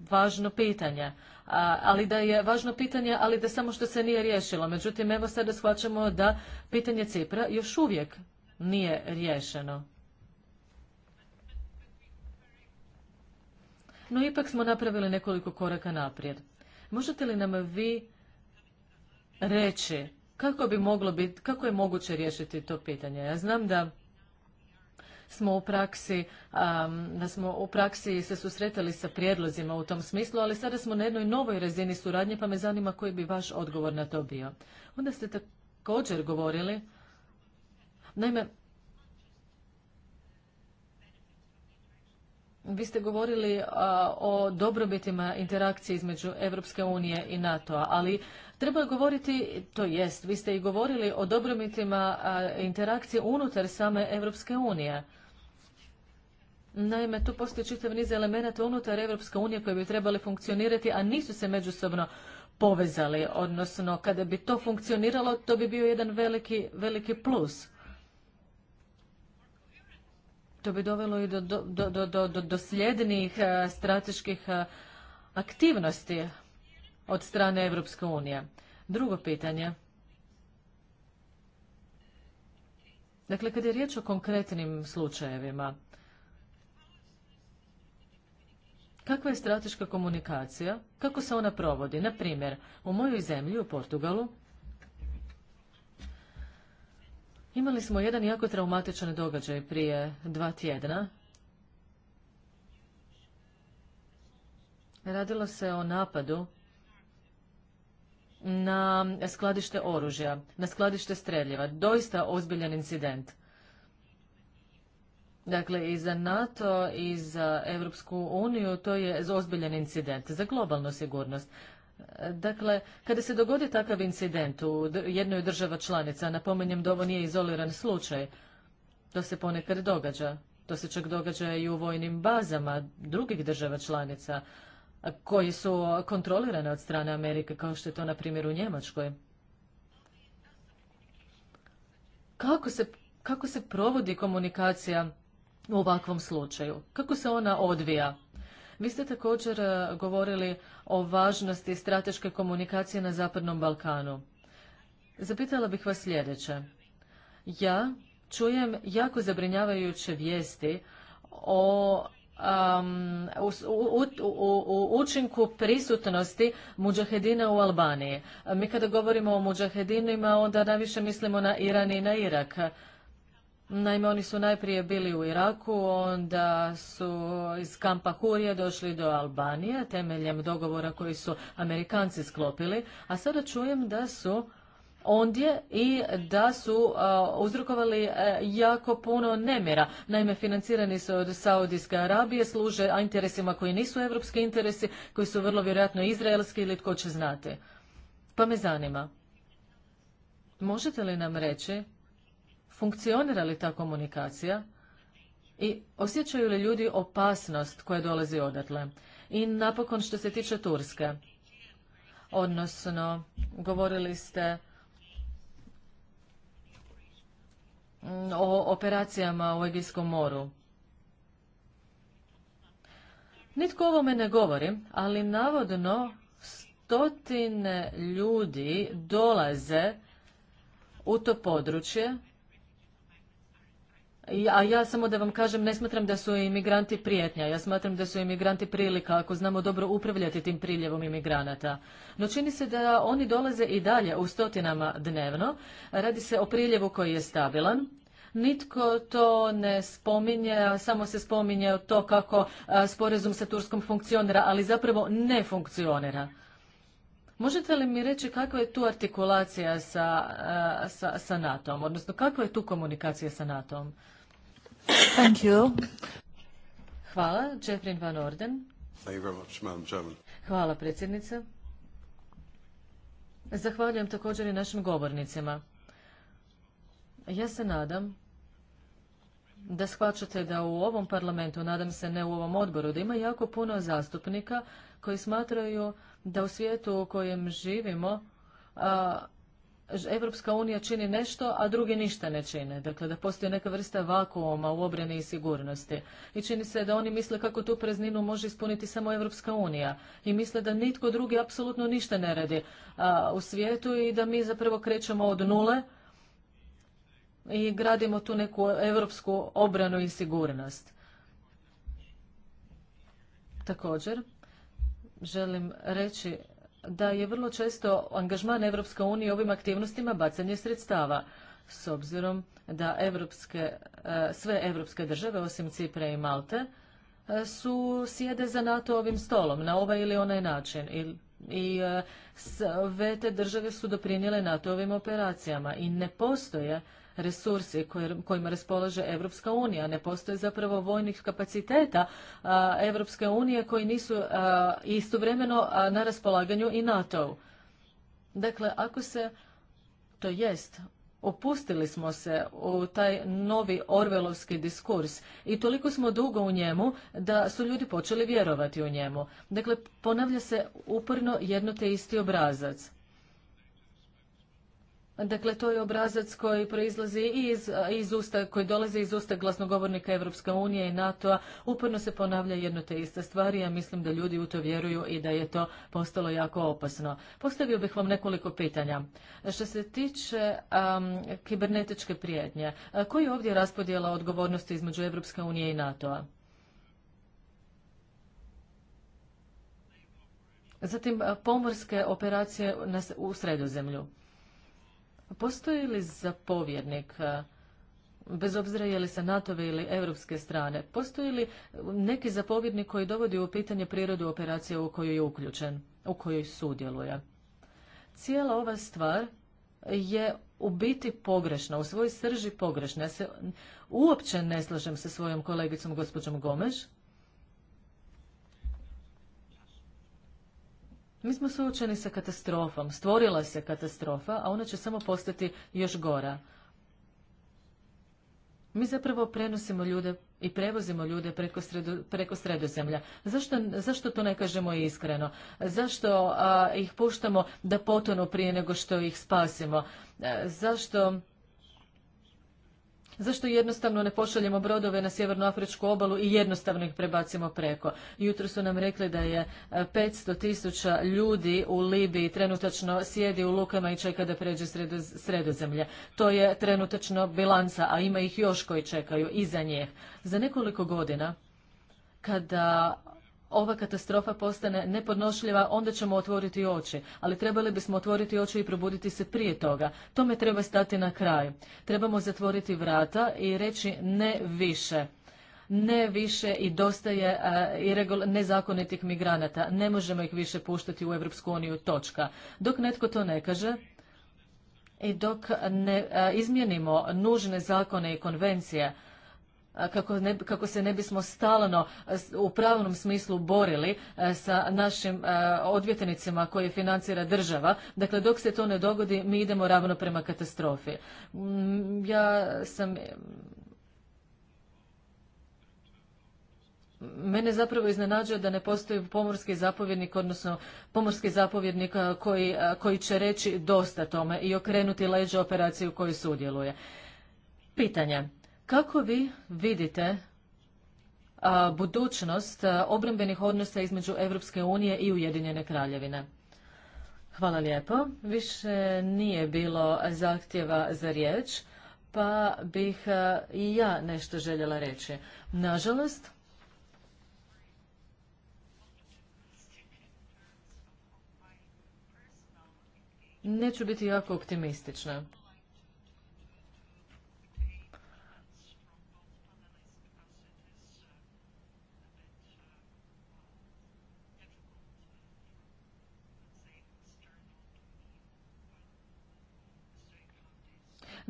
važno pitanje, ali da je važno pitanje, ali da samo što se nije riješilo. Međutim, evo sada shvaćamo da pitanje Cipra još uvijek nije riješeno. No ipak smo napravili nekoliko koraka naprijed. Možete li nam vi reći kako bi moglo biti, kako je moguće riješiti to pitanje? Ja znam da smo u praksi, da smo u praksi se susretali sa prijedlozima u tom smislu, ali sada smo na jednoj novoj razini suradnje, pa me zanima koji bi vaš odgovor na to bio. Onda ste također govorili, naime, Vi ste govorili o dobrobitima interakcije između Europske unije i NATO-a, ali treba govoriti, to jest, vi ste i govorili o dobrobitima interakcije unutar same Europske unije. Naime, tu postoji čitav niz elemenata unutar Europske unije koje bi trebali funkcionirati, a nisu se međusobno povezali, odnosno kada bi to funkcioniralo, to bi bio jedan veliki, veliki plus. To bi dovelo i do, do, do, do, strateških aktivnosti od strane Europske unije. Drugo pitanje. Dakle, kada je riječ o konkretnim slučajevima, Kakva je strateška komunikacija? Kako se ona provodi? Na primjer, u mojoj zemlji, u Portugalu, imali smo jedan jako traumatičan događaj prije dva tjedna. Radilo se o napadu na skladište oružja, na skladište streljiva. Doista ozbiljan incident. Dakle, i za NATO i za Europsku uniju to je ozbiljan incident za globalnu sigurnost. Dakle, kada se dogodi takav incident u jednoj država članica, napominjem da ovo nije izoliran slučaj, to se ponekad događa. To se čak događa i u vojnim bazama drugih država članica koji su kontrolirane od strane Amerike, kao što je to na primjer u Njemačkoj. Kako se, kako se provodi komunikacija u ovakvom slučaju? Kako se ona odvija? Vi ste također e, govorili o važnosti strateške komunikacije na Zapadnom Balkanu. Zapitala bih vas sljedeće. Ja čujem jako zabrinjavajuće vijesti o u, učinku prisutnosti muđahedina u Albaniji. Mi kada govorimo o muđahedinima, onda najviše mislimo na Iran i na Irak. Naime, oni su najprije bili u Iraku, onda su iz kampa Hurije došli do Albanije temeljem dogovora koji su Amerikanci sklopili, a sada čujem da su ondje i da su uzrokovali e, jako puno nemira. Naime, financirani su od Saudijske Arabije, služe interesima koji nisu evropski interesi, koji su vrlo vjerojatno izraelski ili tko će znati. Pa me zanima. Možete li nam reći funkcionira li ta komunikacija i osjećaju li ljudi opasnost koja dolazi odatle. I napokon što se tiče Turske, odnosno govorili ste o operacijama u Egijskom moru. Nitko ovome ne govori, ali navodno stotine ljudi dolaze u to područje a ja samo da vam kažem, ne smatram da su imigranti prijetnja, ja smatram da su imigranti prilika ako znamo dobro upravljati tim priljevom imigranata. No čini se da oni dolaze i dalje u stotinama dnevno, radi se o priljevu koji je stabilan, Nitko to ne spominje, samo se spominje to kako sporezum sporazum sa Turskom funkcionira, ali zapravo ne funkcionira. Možete li mi reći kakva je tu artikulacija sa, sa NATO-om, odnosno kakva je tu komunikacija sa NATO-om? Thank Hvala, Jeffrey Van Orden. Hvala, predsjednice. Zahvaljujem također i našim govornicima. Ja se nadam da shvaćate da u ovom parlamentu, nadam se ne u ovom odboru, da ima jako puno zastupnika koji smatraju da u svijetu u kojem živimo Evropska unija čini nešto, a drugi ništa ne čine. Dakle, da postoji neka vrsta vakuuma u obrani i sigurnosti. I čini se da oni misle kako tu prezninu može ispuniti samo Evropska unija. I misle da nitko drugi apsolutno ništa ne radi u svijetu i da mi zapravo krećemo od nule i gradimo tu neku evropsku obranu i sigurnost. Također, želim reći da je vrlo često angažman Evropske unije ovim aktivnostima bacanje sredstava, s obzirom da e, sve evropske države, osim Cipre i Malte, e, su sjede za NATO ovim stolom, na ovaj ili onaj način. I, i e, sve te države su doprinijele NATO ovim operacijama i ne postoje resursi kojima raspolaže Evropska unija. Ne postoje zapravo vojnih kapaciteta Evropske unije koji nisu istovremeno na raspolaganju i NATO-u. Dakle, ako se, to jest, opustili smo se u taj novi orvelovski diskurs i toliko smo dugo u njemu da su ljudi počeli vjerovati u njemu. Dakle, ponavlja se uporno jedno te isti obrazac. Dakle, to je obrazac koji proizlazi iz, iz usta, koji dolazi iz usta glasnogovornika Europske unije i NATO-a. Uporno se ponavlja jedno te iste stvari, a mislim da ljudi u to vjeruju i da je to postalo jako opasno. Postavio bih vam nekoliko pitanja. Što se tiče kibernetičke prijetnje, koji je ovdje raspodjela odgovornosti između Europske unije i NATO-a? Zatim pomorske operacije u sredozemlju. Postoji li zapovjednik, e, bez obzira je li sa NATO-ve ili evropske strane, postoji li neki zapovjednik koji dovodi u pitanje prirodu operacije u kojoj je uključen, u kojoj sudjeluje? Cijela ova stvar je u biti pogrešna, u svojoj srži pogrešna. Ja se uopće ne slažem sa svojom kolegicom gospođom Gomeš, Mi smo suočeni sa katastrofom. Stvorila se katastrofa, a ona će samo postati još gora. Mi zapravo prenosimo ljude i prevozimo ljude preko, sredo, preko sredozemlja. Zašto, zašto to ne kažemo iskreno? Zašto ih puštamo da potonu prije nego što ih spasimo? E, zašto Zašto jednostavno ne pošaljemo brodove na sjevernoafričku obalu i jednostavno ih prebacimo preko? Jutro su nam rekli da je 500 e, tisuća ljudi u Libiji trenutačno sjedi u lukama i čeka da pređe sredozemlje. To je trenutačno bilanca, a ima ih još koji čekaju iza njih. Za nekoliko godina kada ova katastrofa postane nepodnošljiva, onda ćemo otvoriti oči. Ali trebali bismo otvoriti oči i probuditi se prije toga. Tome treba stati na kraj. Trebamo zatvoriti vrata i reći ne više ne više i dosta je nezakonitih migranata. Ne možemo ih više puštati u Europsku uniju, točka. Dok netko to ne kaže i dok ne izmijenimo nužne zakone i konvencije, kako, se ne bismo stalno u pravnom smislu borili sa našim odvjetnicima koje financira država. Dakle, dok se to ne dogodi, mi idemo ravno prema katastrofi. Mm, ja sam Mene zapravo iznenađuje da ne postoji pomorski zapovjednik, odnosno pomorski zapovjednik koji, koji će reći dosta tome i okrenuti leđe operaciju kojoj sudjeluje. Pitanje. Kako vi vidite budućnost obrambenih odnosa između Europske unije i Ujedinjene kraljevine? Hvala lijepo. Više nije bilo zahtjeva za riječ, pa bih i ja nešto željela reći. Nažalost, neću biti jako optimistična.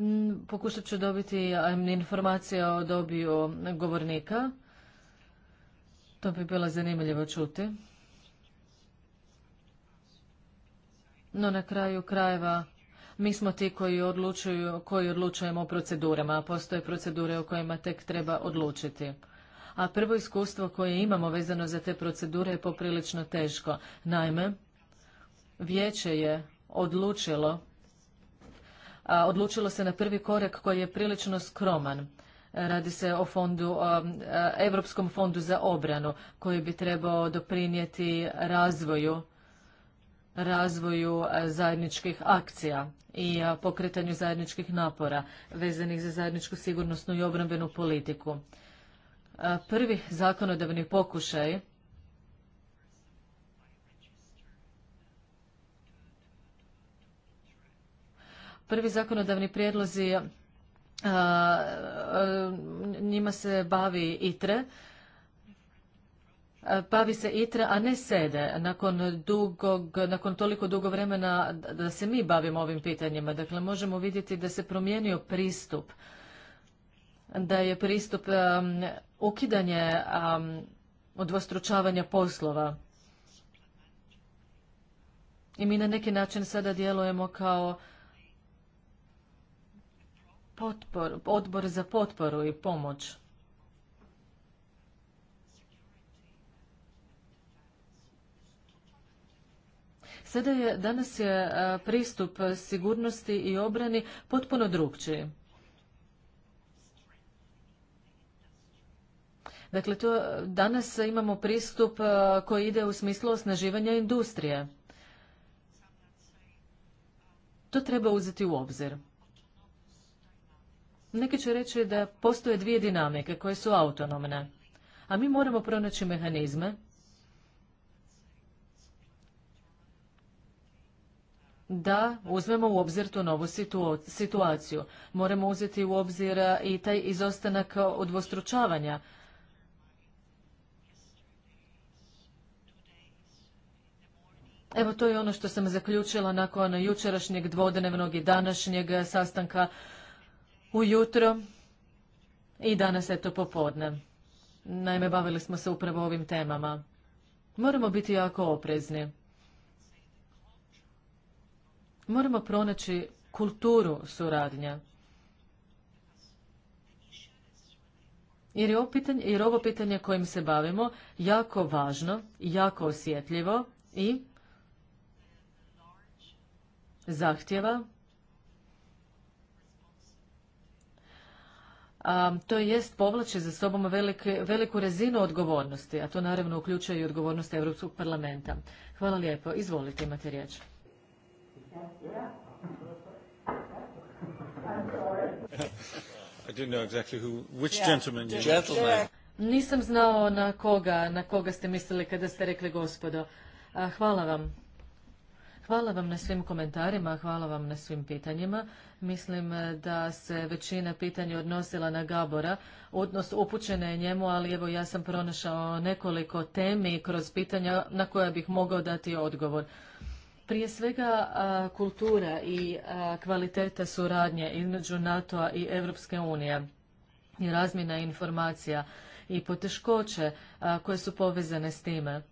Mm, pokušat ću dobiti informacije o dobiju govornika. To bi bilo zanimljivo čuti. No na kraju krajeva mi smo ti koji, odlučuju, koji odlučujemo o procedurama, postoje procedure o kojima tek treba odlučiti. A prvo iskustvo koje imamo vezano za te procedure je poprilično teško. Naime, vijeće je odlučilo a, odlučilo se na prvi korak koji je prilično skroman. E, radi se o fondu, Europskom fondu za obranu koji bi trebao doprinijeti razvoju razvoju e, zajedničkih akcija i e, pokretanju zajedničkih napora vezanih za zajedničku sigurnosnu i obrambenu politiku. Prvi zakonodavni pokušaj Prvi zakonodavni prijedlozi, njima se bavi ITRE, Bavi se ITRE, a ne SEDE, nakon, dugog, nakon toliko dugo vremena da se mi bavimo ovim pitanjima. Dakle, možemo vidjeti da se promijenio pristup, da je pristup um, ukidanje um, odvostručavanja poslova. I mi na neki način sada djelujemo kao odbor za potporu i pomoć. Sada je, danas je e, pristup sigurnosti i obrani potpuno drugčiji. Dakle, to, danas imamo pristup e, koji ide u smislu osnaživanja industrije. To treba uzeti u obzir. Neki će reći da postoje dvije dinamike koje su autonomne, a mi moramo pronaći mehanizme da uzmemo u obzir tu novu situaciju. Moramo uzeti u obzir i taj izostanak odvostručavanja. Evo to je ono što sam zaključila nakon jučerašnjeg dvodnevnog i današnjeg sastanka ujutro i danas eto popodne. Naime, bavili smo se upravo ovim temama. Moramo biti jako oprezni. Moramo pronaći kulturu suradnja. Jer je, ovo pitanje, ovo pitanje kojim se bavimo jako važno, jako osjetljivo i zahtjeva to jest povlače za sobom veliku razinu odgovornosti, a to naravno uključuje i odgovornost Europskog parlamenta. Hvala lijepo. Izvolite, imate riječ. Nisam znao na koga, na koga ste mislili kada ste rekli gospodo. Hvala vam. Hvala vam na svim komentarima, hvala vam na svim pitanjima. Mislim eh, da se većina pitanja odnosila na Gabora, odnos upućena je njemu, ali evo ja sam pronašao nekoliko temi kroz pitanja na koja bih mogao dati odgovor. Prije svega eh, kultura i eh, kvaliteta suradnje između NATO-a i Europske unije i razmjena informacija i poteškoće koje su povezane s time.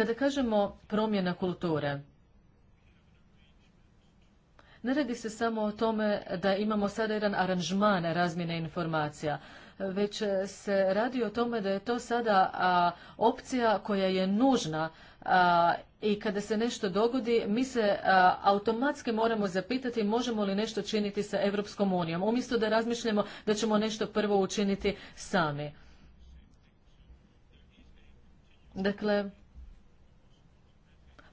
Kada kažemo promjena kulture, ne radi se samo o tome da imamo sada jedan aranžman razmjene informacija, već se radi o tome da je to sada opcija koja je nužna i kada se nešto dogodi, mi se automatski moramo zapitati možemo li nešto činiti sa Europskom unijom, umjesto da razmišljamo da ćemo nešto prvo učiniti sami. Dakle,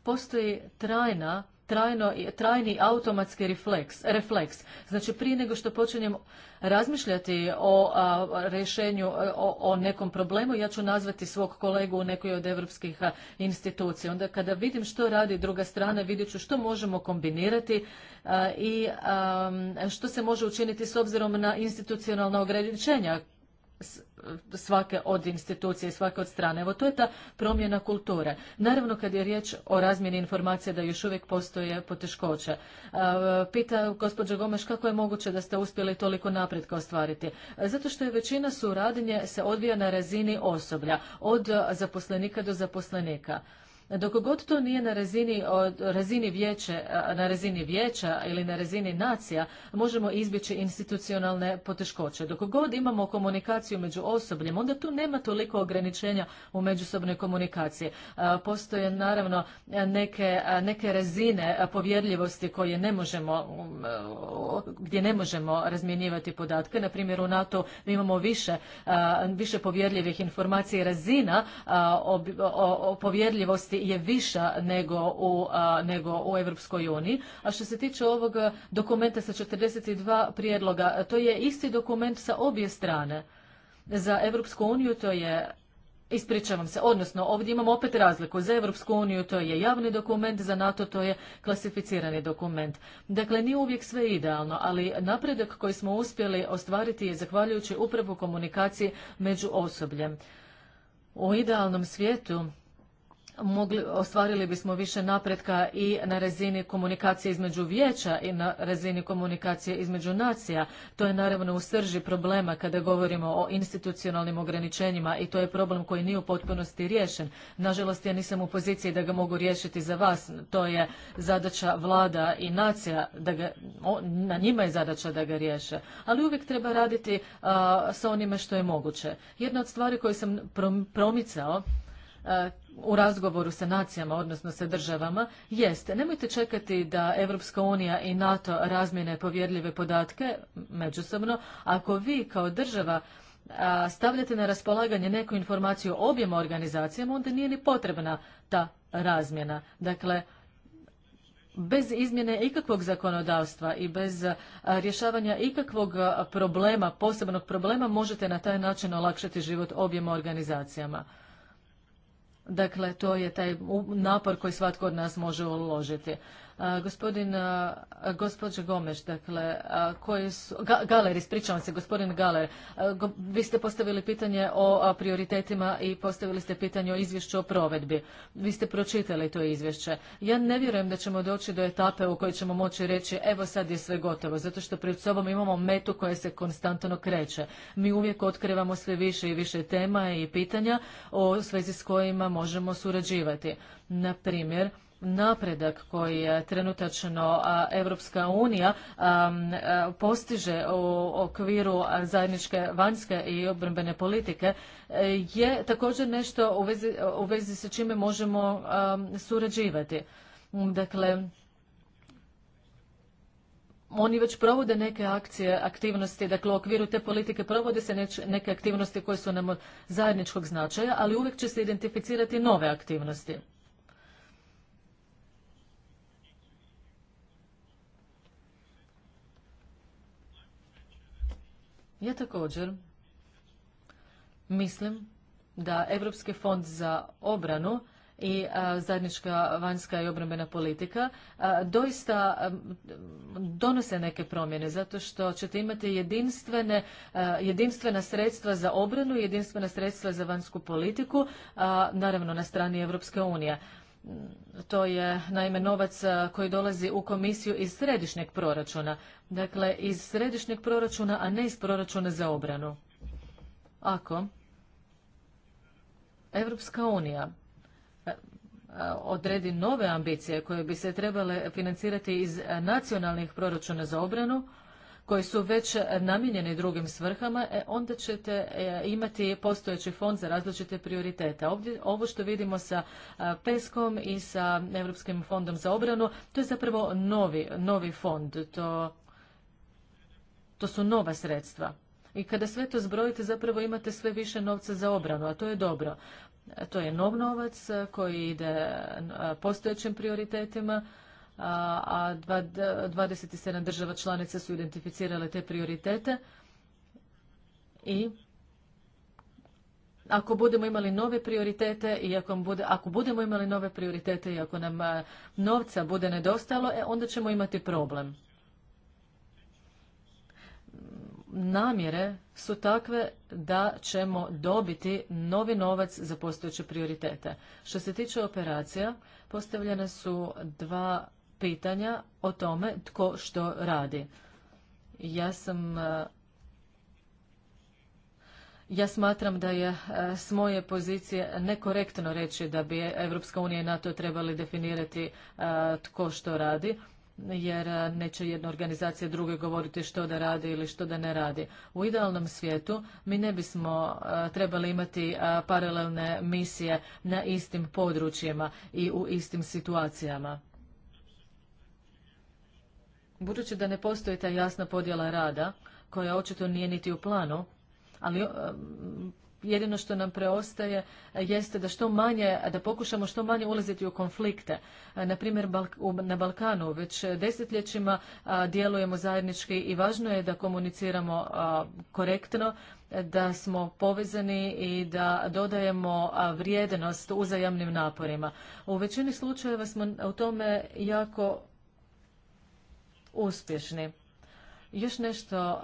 postoji trajna Trajno, trajni automatski refleks, refleks. Znači prije nego što počinjem razmišljati o rješenju, e, o, nekom problemu, ja ću nazvati svog kolegu u nekoj od evropskih institucija. Onda kada vidim što radi druga strana, vidjet ću što možemo kombinirati i što se može učiniti s obzirom na institucionalna ograničenja svake od institucije, svake od strane. Evo to je ta promjena kulture. Naravno kad je riječ o razmjeni informacija da još uvijek postoje poteškoće. E, pita gospođa Gomeš kako je moguće da ste uspjeli toliko napretka ostvariti. Zato što je većina suradnje se odvija na razini osoblja, od zaposlenika do zaposlenika. Dok god to nije na razini, od, razini na razini vijeća ili na razini nacija, možemo izbjeći institucionalne poteškoće. Dok god imamo komunikaciju među osobljem, onda tu nema toliko ograničenja u međusobnoj komunikaciji. Postoje naravno neke, neke razine povjerljivosti koje ne možemo, um, gdje ne možemo razmjenjivati podatke. Na primjer u NATO mi imamo više, više povjerljivih informacija i razina o, o, o povjerljivosti je viša nego u, nego u Europskoj uniji. A što se tiče ovog dokumenta sa 42 prijedloga, to je isti dokument sa obje strane. Za Europsku uniju to je Ispričavam se, odnosno ovdje imamo opet razliku. Za Europsku uniju to je javni dokument, za NATO to je klasificirani dokument. Dakle, nije uvijek sve idealno, ali napredak koji smo uspjeli ostvariti je zahvaljujući upravo komunikaciji među osobljem. U idealnom svijetu mogli, ostvarili bismo više napretka i na razini komunikacije između vijeća i na razini komunikacije između nacija. To je naravno u srži problema kada govorimo o institucionalnim ograničenjima i to je problem koji nije u potpunosti riješen. Nažalost, ja nisam u poziciji da ga mogu riješiti za vas. To je zadaća vlada i nacija, da ga, na njima je zadaća da ga riješe. Ali uvijek treba raditi sa onime što je moguće. Jedna od stvari koju sam promicao E, u razgovoru sa nacijama, odnosno sa državama, jest nemojte čekati da Evropska unija i NATO razmjene povjerljive podatke međusobno. Ako vi kao država e, stavljate na raspolaganje neku informaciju objema organizacijama, onda nije ni potrebna ta razmjena. Dakle, bez izmjene ikakvog zakonodavstva i bez e, rješavanja ikakvog problema, posebnog problema, možete na taj način olakšati život objema organizacijama. Dakle, to je taj napor koji svatko od nas može uložiti. Gospodin, gospođa Gomeš, dakle, koji su, Galer, ispričavam se, gospodin Galer, vi ste postavili pitanje o prioritetima i postavili ste pitanje o izvješću o provedbi. Vi ste pročitali to izvješće. Ja ne vjerujem da ćemo doći do etape u kojoj ćemo moći reći evo sad je sve gotovo, zato što pred sobom imamo metu koja se konstantno kreće. Mi uvijek otkrivamo sve više i više tema i pitanja o svezi s kojima možemo surađivati. Na primjer, napredak koji je eh, trenutačno Europska unija eh, postiže u okviru zajedničke vanjske i obrambene politike eh, je također nešto u vezi, u sa čime možemo surađivati. Dakle, oni već provode neke akcije, aktivnosti, dakle u okviru te politike provode se neke aktivnosti koje su nam od zajedničkog značaja, ali uvijek će se identificirati nove aktivnosti. Ja također mislim da Europski fond za obranu i zajednička vanjska i obrambena politika doista donose neke promjene zato što ćete imati jedinstvene, jedinstvena sredstva za obranu i jedinstvena sredstva za vanjsku politiku, naravno na strani Europske unije to je naime novac koji dolazi u komisiju iz središnjeg proračuna. Dakle, iz središnjeg proračuna, a ne iz proračuna za obranu. Ako Evropska unija odredi nove ambicije koje bi se trebale financirati iz nacionalnih proračuna za obranu, koji su već namijenjeni drugim svrhama, e, onda ćete e, imati postojeći fond za različite prioritete. ovo što vidimo sa PESCOM i sa Europskim fondom za obranu, to je zapravo novi, novi fond. To, to su nova sredstva. I kada sve to zbrojite, zapravo imate sve više novca za obranu, a to je dobro. E, to je nov novac koji ide postojećim prioritetima, a 27 država članica su identificirale te prioritete i ako budemo imali nove prioritete i ako, bude, ako budemo imali nove prioritete i ako nam novca bude nedostalo, e, onda ćemo imati problem. Namjere su takve da ćemo dobiti novi novac za postojeće prioritete. Što se tiče operacija, postavljene su dva pitanja o tome tko što radi. Ja sam e, ja smatram da je e, s moje pozicije nekorektno reći da bi Europska unija i NATO trebali definirati e, tko što radi, jer neće jedna organizacija druge govoriti što da radi ili što da ne radi. U idealnom svijetu mi ne bismo trebali imati paralelne misije na istim područjima i u istim situacijama. Budući da ne postoji ta jasna podjela rada, koja očito nije niti u planu, ali e, jedino što nam preostaje e, jeste da što manje, da pokušamo što manje ulaziti u konflikte. E, na primjer na Balkanu već desetljećima djelujemo zajednički i važno je da komuniciramo korektno, da smo povezani i da dodajemo vrijednost uzajamnim naporima. U većini slučajeva smo u tome jako uspješni. Još nešto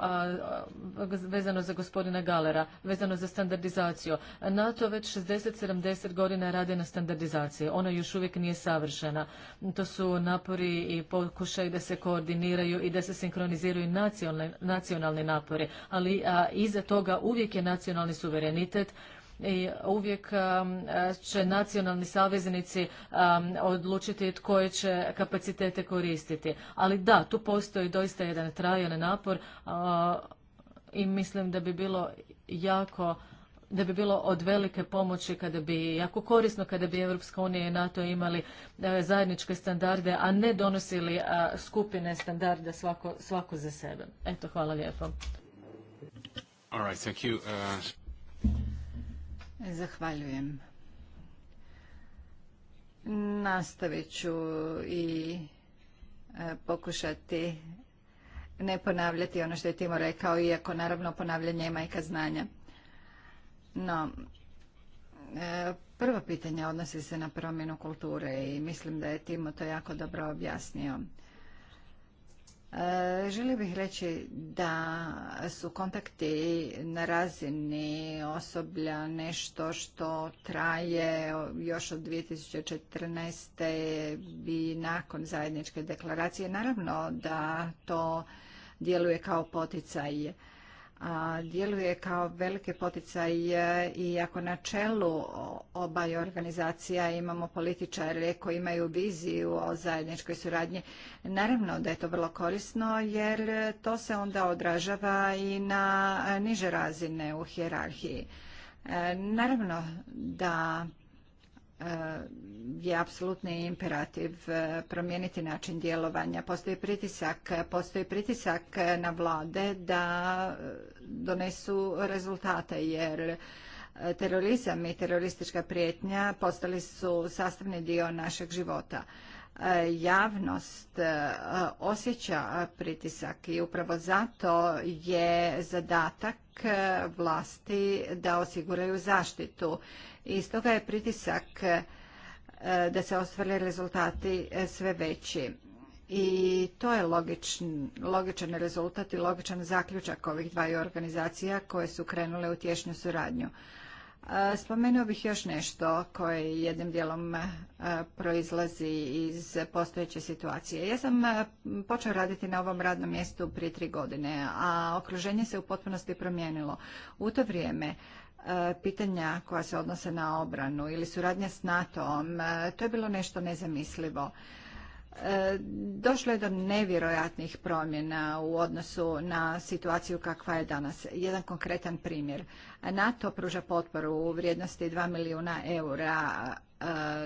vezano za gospodina Galera, vezano za standardizaciju. NATO već 60-70 godina radi na standardizaciji. Ona još uvijek nije savršena. To su napori i pokušaj da se koordiniraju i da se sinkroniziraju nacionalni, napori. Ali iza toga uvijek je nacionalni suverenitet i uvijek um, e, će nacionalni saveznici um, odlučiti koje će kapacitete koristiti. Ali da, tu postoji doista jedan trajan napor i mislim da bi bilo jako da bi bilo od velike pomoći kada bi, jako korisno kada bi Europska unija i NATO imali e, zajedničke standarde, a ne donosili skupine standarda svako, za sebe. Eto, hvala lijepo. Uh, Zahvaljujem. Nastavit ću i e, pokušati ne ponavljati ono što je Timo rekao, iako naravno ponavljanje ima majka znanja. No, e, prvo pitanje odnosi se na promjenu kulture i mislim da je Timo to jako dobro objasnio. E, želio bih reći da su kontakti na razini osoblja nešto što traje još od 2014. i nakon zajedničke deklaracije. Naravno da to djeluje kao poticaj djeluje kao velike poticaj e, i ako na čelu obaj organizacija imamo političare koji imaju viziju o zajedničkoj suradnji, naravno da je to vrlo korisno jer to se onda odražava i na niže razine u hijerarhiji. E, naravno da je apsolutni imperativ e, promijeniti način djelovanja. Postoji pritisak, postoji pritisak na vlade da e, donesu rezultate jer e, terorizam i teroristička prijetnja postali su sastavni dio našeg života. E, javnost e, osjeća e, pritisak i upravo zato je zadatak vlasti da osiguraju zaštitu. I stoga je pritisak da se ostvare rezultati sve veći. I to je logičan rezultat i logičan zaključak ovih dvaju organizacija koje su krenule u tješnju suradnju. Spomenuo bih još nešto koje jednim dijelom proizlazi iz postojeće situacije. Ja sam počeo raditi na ovom radnom mjestu prije tri godine, a okruženje se u potpunosti promijenilo. U to vrijeme pitanja koja se odnose na obranu ili suradnja s NATO-om, to je bilo nešto nezamislivo. E, došlo je do nevjerojatnih promjena u odnosu na situaciju kakva je danas. Jedan konkretan primjer. NATO pruža potporu u vrijednosti 2 milijuna eura e,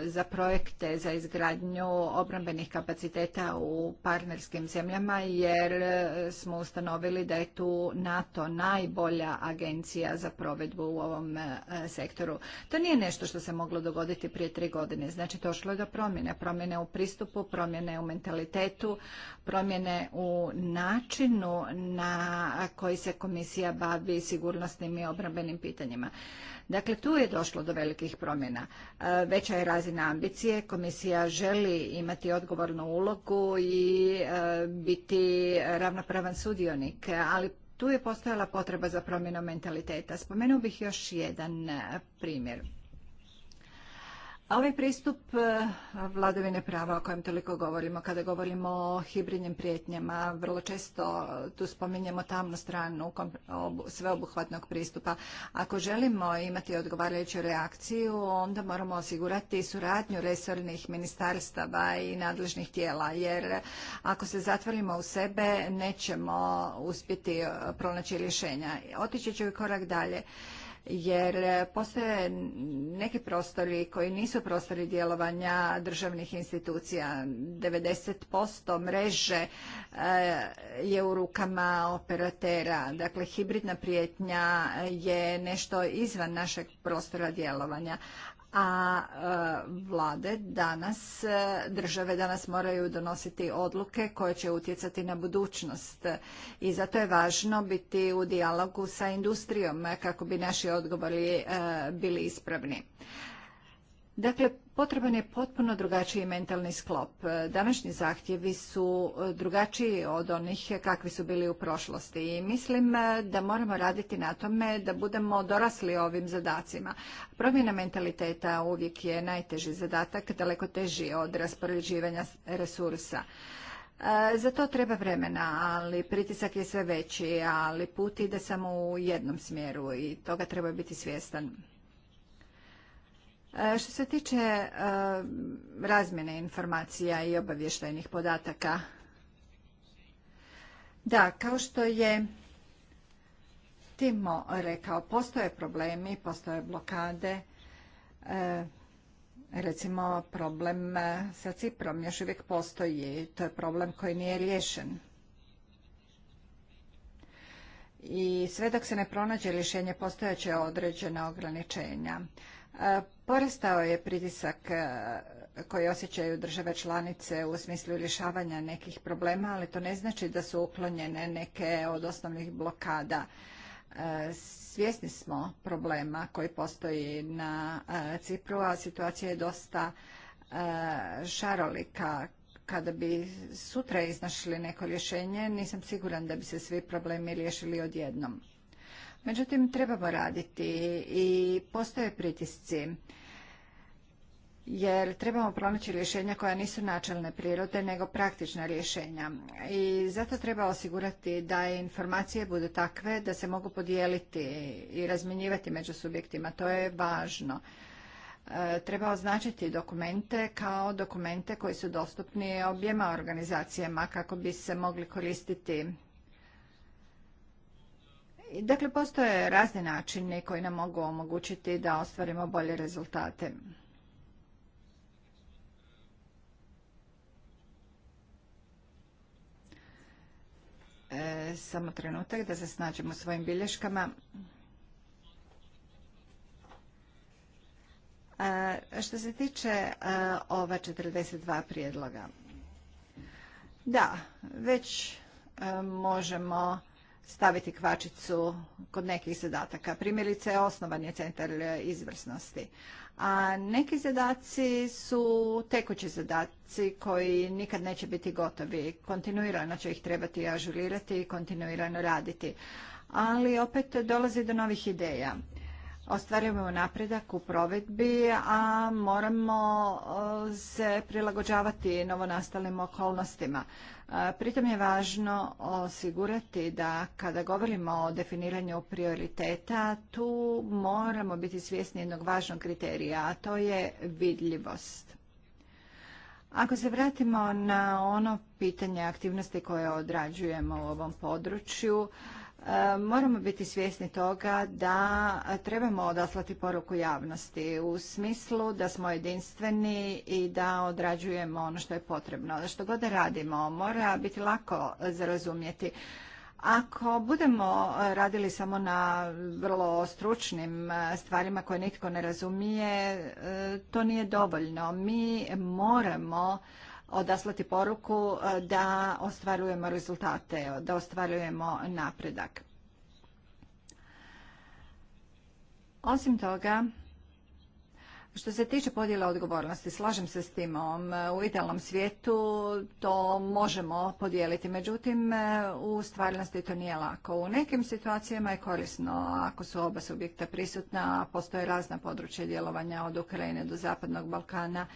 za projekte za izgradnju obrambenih kapaciteta u partnerskim zemljama jer e, smo ustanovili da je tu NATO najbolja agencija za provedbu u ovom e, sektoru. To nije nešto što se moglo dogoditi prije tri godine. Znači, došlo je do promjene. Promjene u pristupu, promjene u mentalitetu, promjene u načinu na koji se komisija bavi sigurnosnim i obrambenim pitanjima. Dakle, tu je došlo do velikih promjena. E, veća je razina ambicije, komisija želi imati odgovornu ulogu i e, biti ravnopravan sudionik, ali tu je postojala potreba za promjenom mentaliteta. Spomenuo bih još jedan e, primjer. A ovaj pristup e, vladavine prava o kojem toliko govorimo, kada govorimo o hibridnim prijetnjama, vrlo često tu spominjemo tamnu stranu sveobuhvatnog pristupa. Ako želimo imati odgovarajuću reakciju, onda moramo osigurati suradnju resornih ministarstava i nadležnih tijela, jer ako se zatvorimo u sebe, nećemo uspjeti e, pronaći rješenja. Otići ću i korak dalje jer postoje neki prostori koji nisu prostori djelovanja državnih institucija. 90% mreže eh, je u rukama operatera. Dakle, hibridna prijetnja je nešto izvan našeg prostora djelovanja a eh, vlade danas, eh, države danas moraju donositi odluke koje će utjecati na budućnost. I zato je važno biti u dijalogu sa industrijom kako bi naši odgovori e, bili ispravni. Dakle, potreban je potpuno drugačiji mentalni sklop. E, današnji zahtjevi su e, drugačiji od onih kakvi su bili u prošlosti i mislim da moramo raditi na tome da budemo dorasli ovim zadacima. Promjena mentaliteta uvijek je najteži zadatak, daleko teži od raspoređivanja resursa. E, za to treba vremena, ali pritisak je sve veći, ali put ide samo u jednom smjeru i toga treba biti svjestan. E, što se tiče e, razmjene informacija i obavještajnih podataka, da, kao što je Timo rekao, postoje problemi, postoje blokade, Recimo problem e, sa Ciprom još uvijek postoji, to je problem koji nije riješen. I sve dok se ne pronađe rješenje postojeće određena ograničenja. E, porastao je pritisak e, koji osjećaju države članice u smislu rješavanja nekih problema, ali to ne znači da su uklonjene neke od osnovnih blokada. Svjesni smo problema koji postoji na e, Cipru, a situacija je dosta e, šarolika. Kada bi sutra iznašli neko rješenje, nisam siguran da bi se svi problemi riješili odjednom. Međutim, trebamo raditi i postoje pritisci jer trebamo pronaći rješenja koja nisu načelne prirode nego praktična rješenja i zato treba osigurati da informacije budu takve da se mogu podijeliti i razminjivati među subjektima. To je važno. E, treba označiti dokumente kao dokumente koji su dostupni objema organizacijama kako bi se mogli koristiti Dakle, postoje razni načini koji nam mogu omogućiti da ostvarimo bolje rezultate. E, samo trenutak da se snađemo svojim bilješkama. E, što se tiče e, ova 42 prijedloga, da, već možemo staviti kvačicu kod nekih zadataka. Primjerice, osnovan je centar izvrsnosti a neki zadaci su tekući zadaci koji nikad neće biti gotovi. Kontinuirano će ih trebati ažurirati i kontinuirano raditi. Ali opet dolazi do novih ideja ostvarujemo napredak u provedbi, a moramo e, se prilagođavati novonastalim okolnostima. E, pritom je važno osigurati da kada govorimo o definiranju prioriteta, tu moramo biti svjesni jednog važnog kriterija, a to je vidljivost. Ako se vratimo na ono pitanje aktivnosti koje odrađujemo u ovom području, E, moramo biti svjesni toga da trebamo odaslati poruku javnosti u smislu da smo jedinstveni i da odrađujemo ono što je potrebno. Što god radimo mora biti lako zarazumjeti. Ako budemo radili samo na vrlo stručnim e, stvarima koje nitko ne razumije, e, to nije dovoljno. Mi moramo odaslati poruku e, da ostvarujemo rezultate, da ostvarujemo napredak. Osim toga, što se tiče podjela odgovornosti, slažem se s tim. E, u idealnom svijetu to možemo podijeliti, međutim e, u stvarnosti to nije lako. U nekim situacijama je korisno ako su oba subjekta prisutna, a postoje razna područja djelovanja od Ukrajine do Zapadnog Balkana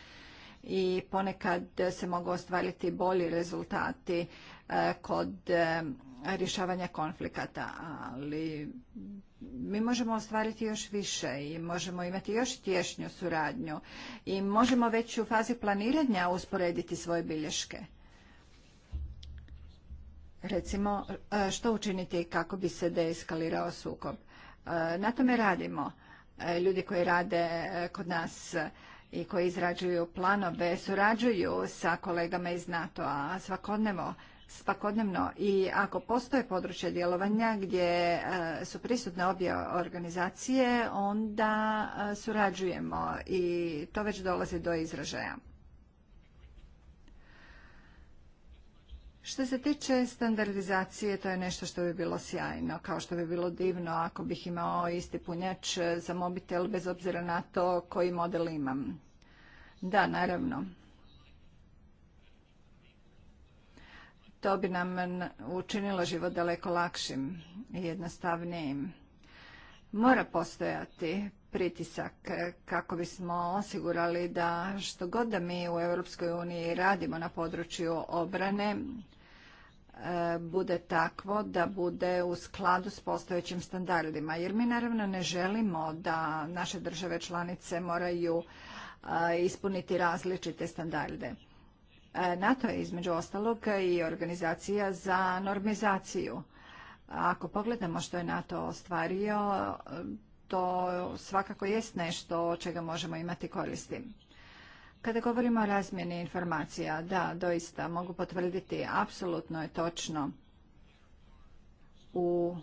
i ponekad se mogu ostvariti bolji rezultati e, kod e, rješavanja konflikata, ali mi možemo ostvariti još više i možemo imati još tješnju suradnju i možemo već u fazi planiranja usporediti svoje bilješke. Recimo, e, što učiniti kako bi se deeskalirao sukob? Na tome radimo. Ljudi koji rade kod nas i koji izrađuju planove surađuju sa kolegama iz NATO-a svakodnevno svakodnevno i ako postoje područje djelovanja gdje e, su prisutne obje organizacije, onda e, surađujemo i to već dolazi do izražaja. Što se tiče standardizacije, to je nešto što bi bilo sjajno, kao što bi bilo divno ako bih imao isti punjač za mobitel bez obzira na to koji model imam. Da, naravno. To bi nam učinilo život daleko lakšim i jednostavnijim. Mora postojati pritisak e, kako bismo osigurali da što god da mi u Europskoj uniji radimo na području obrane e, bude takvo da bude u skladu s postojećim standardima. Jer mi naravno ne želimo da naše države članice moraju e, ispuniti različite standarde. NATO je između ostalog i organizacija za normizaciju. Ako pogledamo što je NATO ostvario, to svakako jest nešto od čega možemo imati koristi. Kada govorimo o razmjeni informacija, da, doista mogu potvrditi, apsolutno je točno. U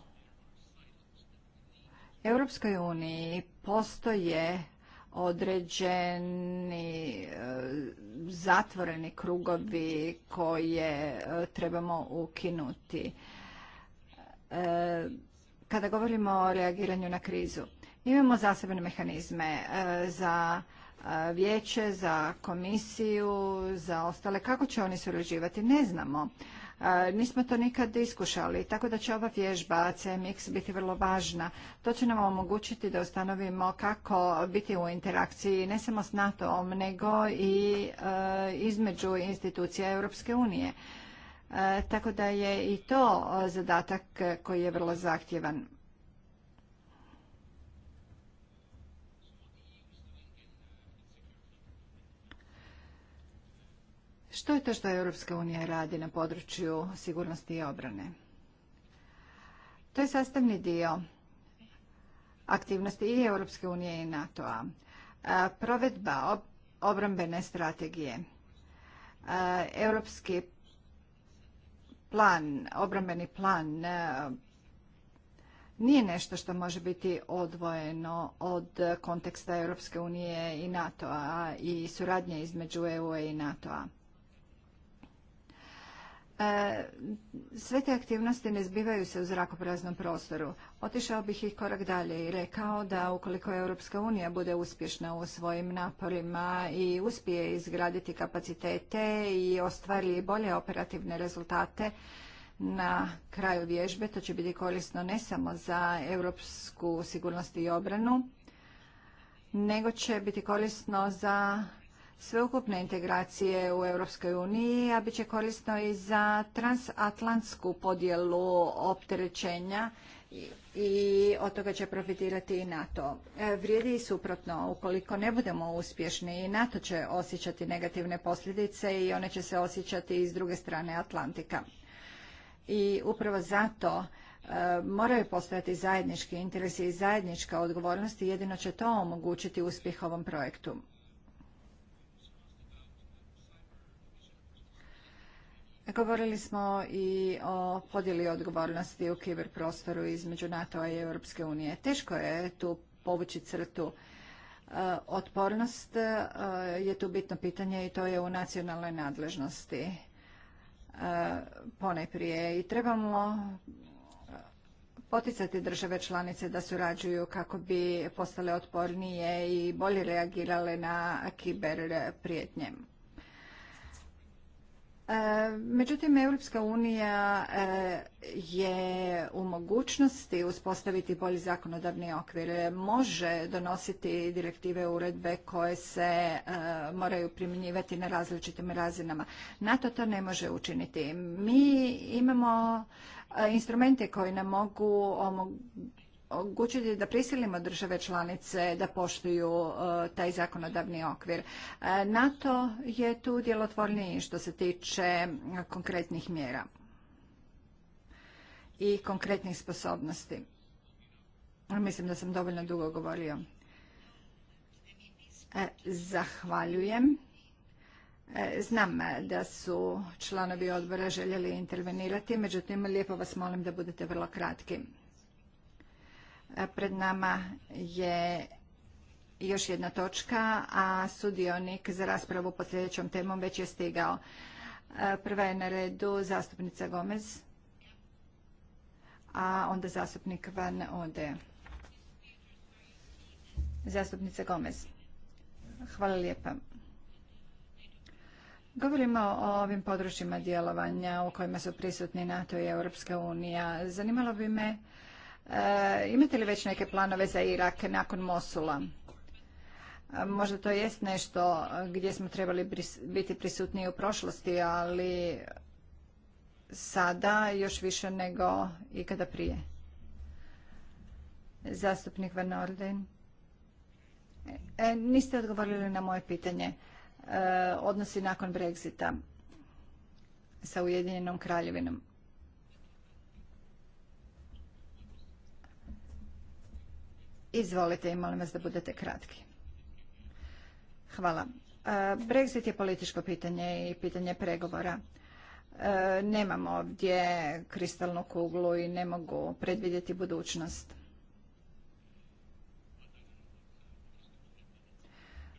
Europskoj uniji postoje određeni e, zatvoreni krugovi koje e, trebamo ukinuti. E, kada govorimo o reagiranju na krizu, Imamo zasebne mehanizme e, za e, vijeće, za komisiju, za ostale. Kako će oni surađivati? Ne znamo. E, nismo to nikad iskušali, tako da će ova vježba CMX biti vrlo važna. To će nam omogućiti da ustanovimo kako biti u interakciji ne samo s NATO-om, nego i između institucija Europske unije. Tako da je i to zadatak koji je vrlo zahtjevan. Što je to što Europska unija radi na području sigurnosti i obrane? To je sastavni dio aktivnosti i Europske unije i NATO-a. E, provedba obrambene strategije, e, europski plan, obrambeni plan e, nije nešto što može biti odvojeno od konteksta Europske unije i NATO-a i suradnje između EU i NATO-a. E, sve te aktivnosti ne zbivaju se u zrakopraznom prostoru. Otišao bih i korak dalje i rekao da ukoliko Europska unija bude uspješna u svojim naporima i uspije izgraditi kapacitete i ostvari bolje operativne rezultate, na kraju vježbe. To će biti korisno ne samo za europsku sigurnost i obranu, nego će biti korisno za sveukupne integracije u Europskoj uniji, a bit će korisno i za transatlantsku podjelu opterećenja i od toga će profitirati i NATO. E, vrijedi i suprotno, ukoliko ne budemo uspješni i NATO će osjećati negativne posljedice i one će se osjećati i s druge strane Atlantika. I upravo zato e, moraju postojati zajednički interesi i zajednička odgovornost i jedino će to omogućiti uspjeh ovom projektu. Govorili smo i o podjeli odgovornosti u kiberprostoru između NATO-a i Europske unije. Teško je tu povući crtu. E, otpornost e, je tu bitno pitanje i to je u nacionalnoj nadležnosti e, ponajprije. I trebamo poticati države članice da surađuju kako bi postale otpornije i bolje reagirale na kiber prijetnje. E, međutim, Europska unija e, je u mogućnosti uspostaviti bolji zakonodavni okvir. Može donositi direktive uredbe koje se e, moraju primjenjivati na različitim razinama. NATO to ne može učiniti. Mi imamo instrumente koji nam mogu omogućiti da prisilimo države članice da poštuju e, taj zakonodavni okvir. E, NATO je tu djelotvorniji što se tiče konkretnih mjera i konkretnih sposobnosti. Mislim da sam dovoljno dugo govorio. E, zahvaljujem. Znam da su članovi odbora željeli intervenirati, međutim lijepo vas molim da budete vrlo kratki. Pred nama je još jedna točka, a sudionik za raspravu pod sljedećom temom već je stigao. Prva je na redu zastupnica Gomez, a onda zastupnik Van Ode. Zastupnica Gomez. Hvala lijepa. Govorimo o ovim područjima djelovanja u kojima su prisutni NATO i Europska unija. Zanimalo bi me E, imate li već neke planove za Irak nakon Mosula? E, možda to jest nešto gdje smo trebali biti prisutniji u prošlosti, ali sada još više nego ikada prije. Zastupnik Van Orden. E, niste odgovorili na moje pitanje. odnosi nakon Brexita sa Ujedinjenom kraljevinom. Izvolite i molim vas da budete kratki. Hvala. E, Brexit je političko pitanje i pitanje pregovora. E, Nemam ovdje kristalnu kuglu i ne mogu predvidjeti budućnost.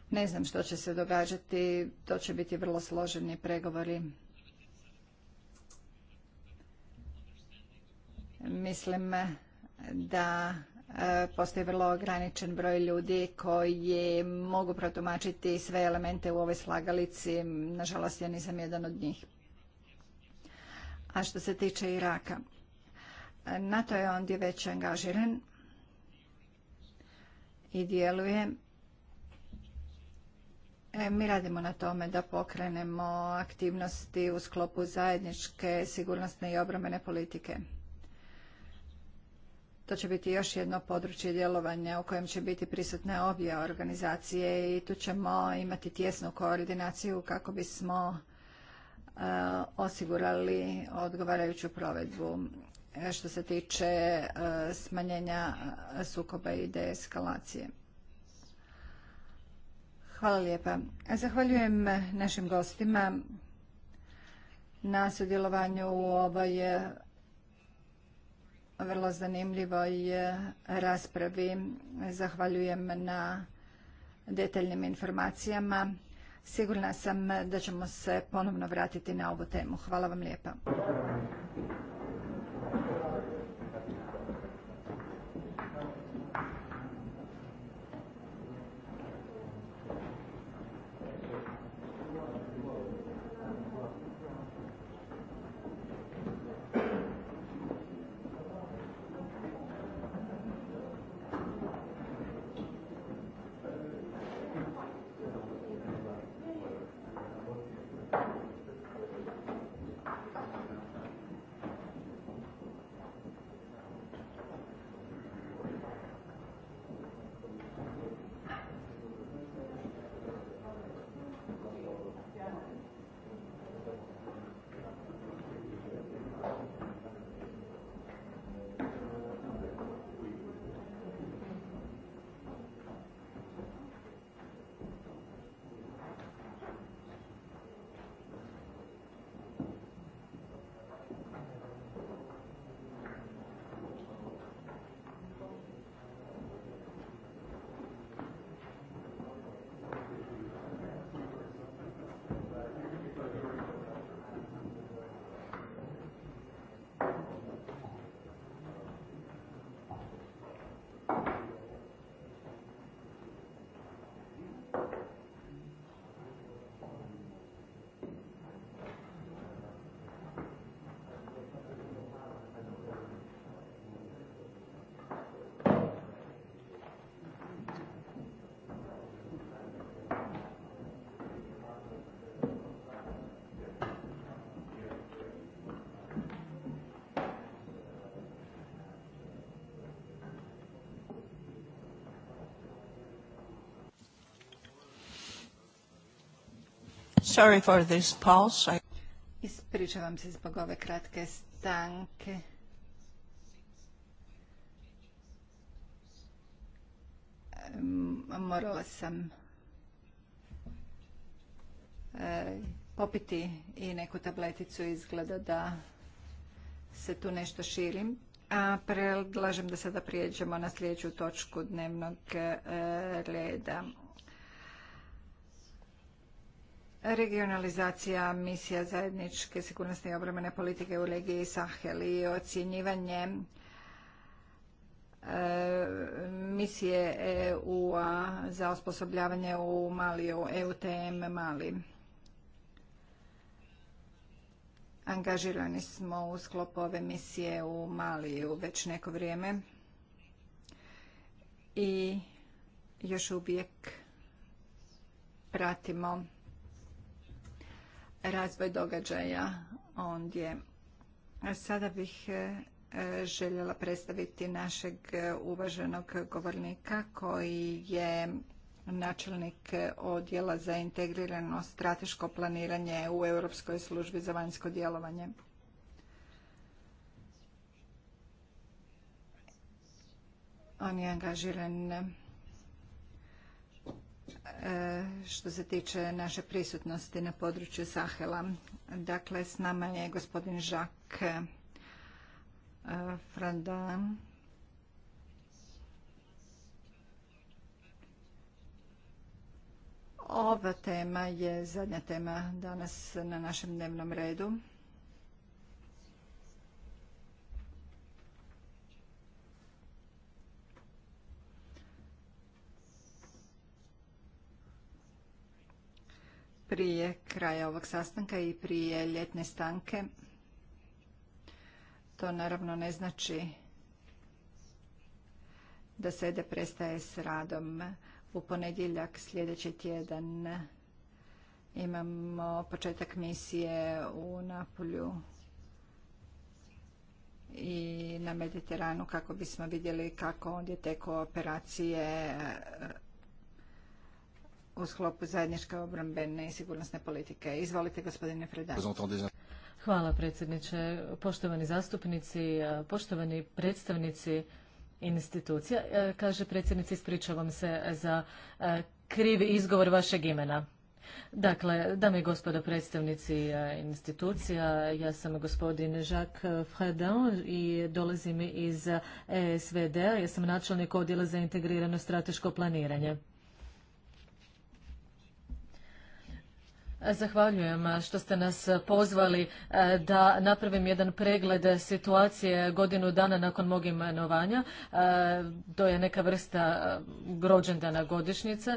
Ne znam što će se događati, to će biti vrlo složeni pregovori. Mislim da postoji vrlo ograničen broj ljudi koji mogu protumačiti sve elemente u ovoj slagalici. Nažalost, ja nisam jedan od njih. A što se tiče Iraka, NATO je ondje već angažiran i djeluje. E, mi radimo na tome da pokrenemo aktivnosti u sklopu zajedničke sigurnosne i obrambene politike. To će biti još jedno područje djelovanja u kojem će biti prisutne obje organizacije i tu ćemo imati tjesnu koordinaciju kako bismo e, osigurali odgovarajuću provedbu e, što se tiče e, smanjenja sukoba i deeskalacije. Hvala lijepa. Zahvaljujem našim gostima na sudjelovanju u ovoj vrlo zanimljivoj eh, raspravi. Zahvaljujem na detaljnim informacijama. Sigurna sam da ćemo se ponovno vratiti na ovu temu. Hvala vam lijepa. sorry for this pause. Ispričavam se zbog ove kratke stanke. Morala sam e, popiti i neku tableticu izgleda da se tu nešto širim. A predlažem da sada prijeđemo na sljedeću točku dnevnog e, reda regionalizacija misija zajedničke sigurnosne i obrambene politike u regiji Sahel i ocjenjivanje e, misije eu za osposobljavanje u Maliju, EUTM Mali. Angažirani smo u sklopu ove misije u Maliju već neko vrijeme i još uvijek pratimo razvoj događaja ondje. Sada bih e, željela predstaviti našeg e, uvaženog govornika koji je načelnik odjela za integrirano strateško planiranje u Europskoj službi za vanjsko djelovanje. On je angažiran E, što se tiče naše prisutnosti na području Sahela. Dakle, s nama je gospodin Žak e, Frandan. Ova tema je zadnja tema danas na našem dnevnom redu. prije kraja ovog sastanka i prije ljetne stanke. To naravno ne znači da sede prestaje s radom. U ponedjeljak sljedeći tjedan imamo početak misije u Napolju i na Mediteranu kako bismo vidjeli kako ondje teku operacije u sklopu zajedničke obrambene i sigurnosne politike. Izvolite gospodine Fredan. Hvala predsjedniče, poštovani zastupnici, poštovani predstavnici institucija. Kaže predsjednici, ispričavam se za krivi izgovor vašeg imena. Dakle, dame i gospodo predstavnici institucija, ja sam gospodin Jacques Fredin i dolazim iz SVD-a, ja sam načelnik odjela za integrirano strateško planiranje. Zahvaljujem što ste nas pozvali e, da napravim jedan pregled situacije godinu dana nakon mog imenovanja. E, to je neka vrsta e, rođendana godišnjice.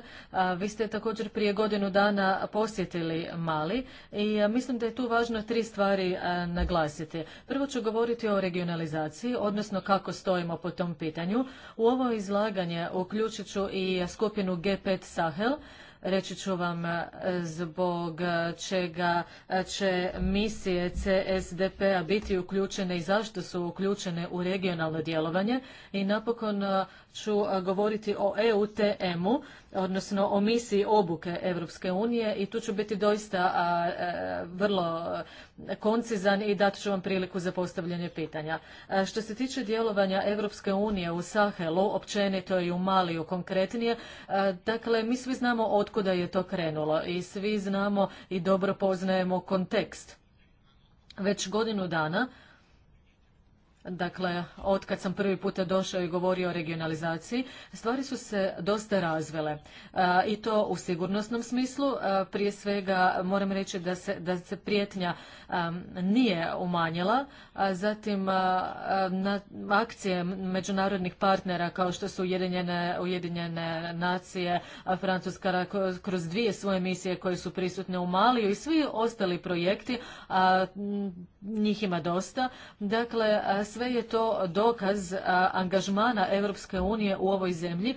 Vi ste također prije godinu dana posjetili Mali i mislim da je tu važno tri stvari naglasiti. Prvo ću govoriti o regionalizaciji, odnosno kako stojimo po tom pitanju. U ovo izlaganje uključit ću i skupinu G5 Sahel, reći ću vam e, zbog čega će misije csdp p-a biti uključene i zašto su uključene u regionalno djelovanje i napokon e, ću e, govoriti o EUTM-u, odnosno o misiji obuke Europske unije i tu ću biti doista e, vrlo koncizan i dat ću vam priliku za postavljanje pitanja. E, što se tiče djelovanja Europske unije u Sahelu, općenito i u Maliju konkretnije, dakle mi svi znamo otkuda je to krenulo i svi znamo i dobro poznajemo kontekst. Već godinu dana Dakle, od kad sam prvi puta došao i govorio o regionalizaciji, stvari su se dosta razvele. E, I to u sigurnosnom smislu. E, prije svega moram reći da se, da se prijetnja e, nije umanjila. Zatim, na akcije međunarodnih partnera kao što su Ujedinjene, Ujedinjene nacije, Francuska kroz dvije svoje misije koje su prisutne u Maliju i svi ostali projekti njih ima dosta. Dakle, sve je to dokaz angažmana Europske unije u ovoj zemlji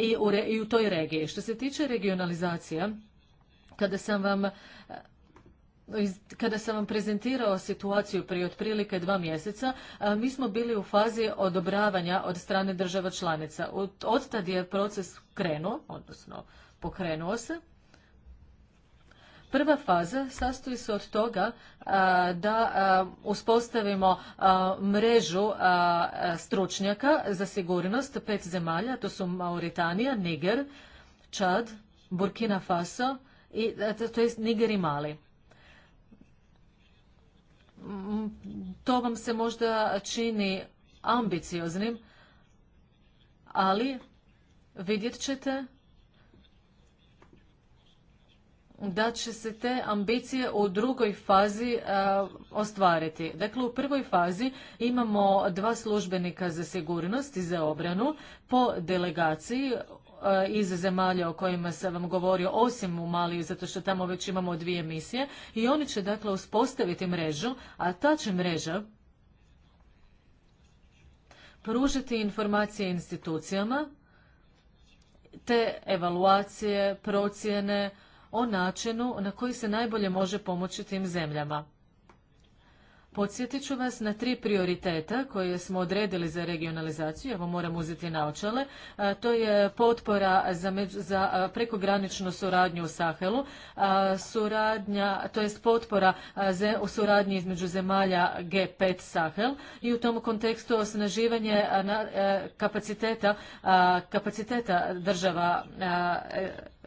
i u, toj regiji. Što se tiče regionalizacija, kada sam vam kada sam vam prezentirao situaciju prije otprilike dva mjeseca, mi smo bili u fazi odobravanja od strane država članica. Od tad je proces krenuo, odnosno pokrenuo se. Prva faza sastoji se od toga da uspostavimo mrežu stručnjaka za sigurnost pet zemalja, to su Mauritanija, Niger, Čad, Burkina Faso, i, to je Niger i Mali. Mm, to vam se možda čini ambicioznim, ali vidjet ćete da će se te ambicije u drugoj fazi e, ostvariti. Dakle, u prvoj fazi imamo dva službenika za sigurnost i za obranu po delegaciji e, iz zemalja o kojima sam vam govorio, osim u Maliji, zato što tamo već imamo dvije misije, i oni će dakle uspostaviti mrežu, a ta će mreža pružiti informacije institucijama, te evaluacije, procjene, o načinu na koji se najbolje može pomoći tim zemljama. Podsjetit ću vas na tri prioriteta koje smo odredili za regionalizaciju, evo moram uzeti naočale. to je potpora za, prekograničnu suradnju u Sahelu, suradnja, to jest potpora u suradnji između zemalja G5 Sahel i u tom kontekstu osnaživanje kapaciteta, kapaciteta država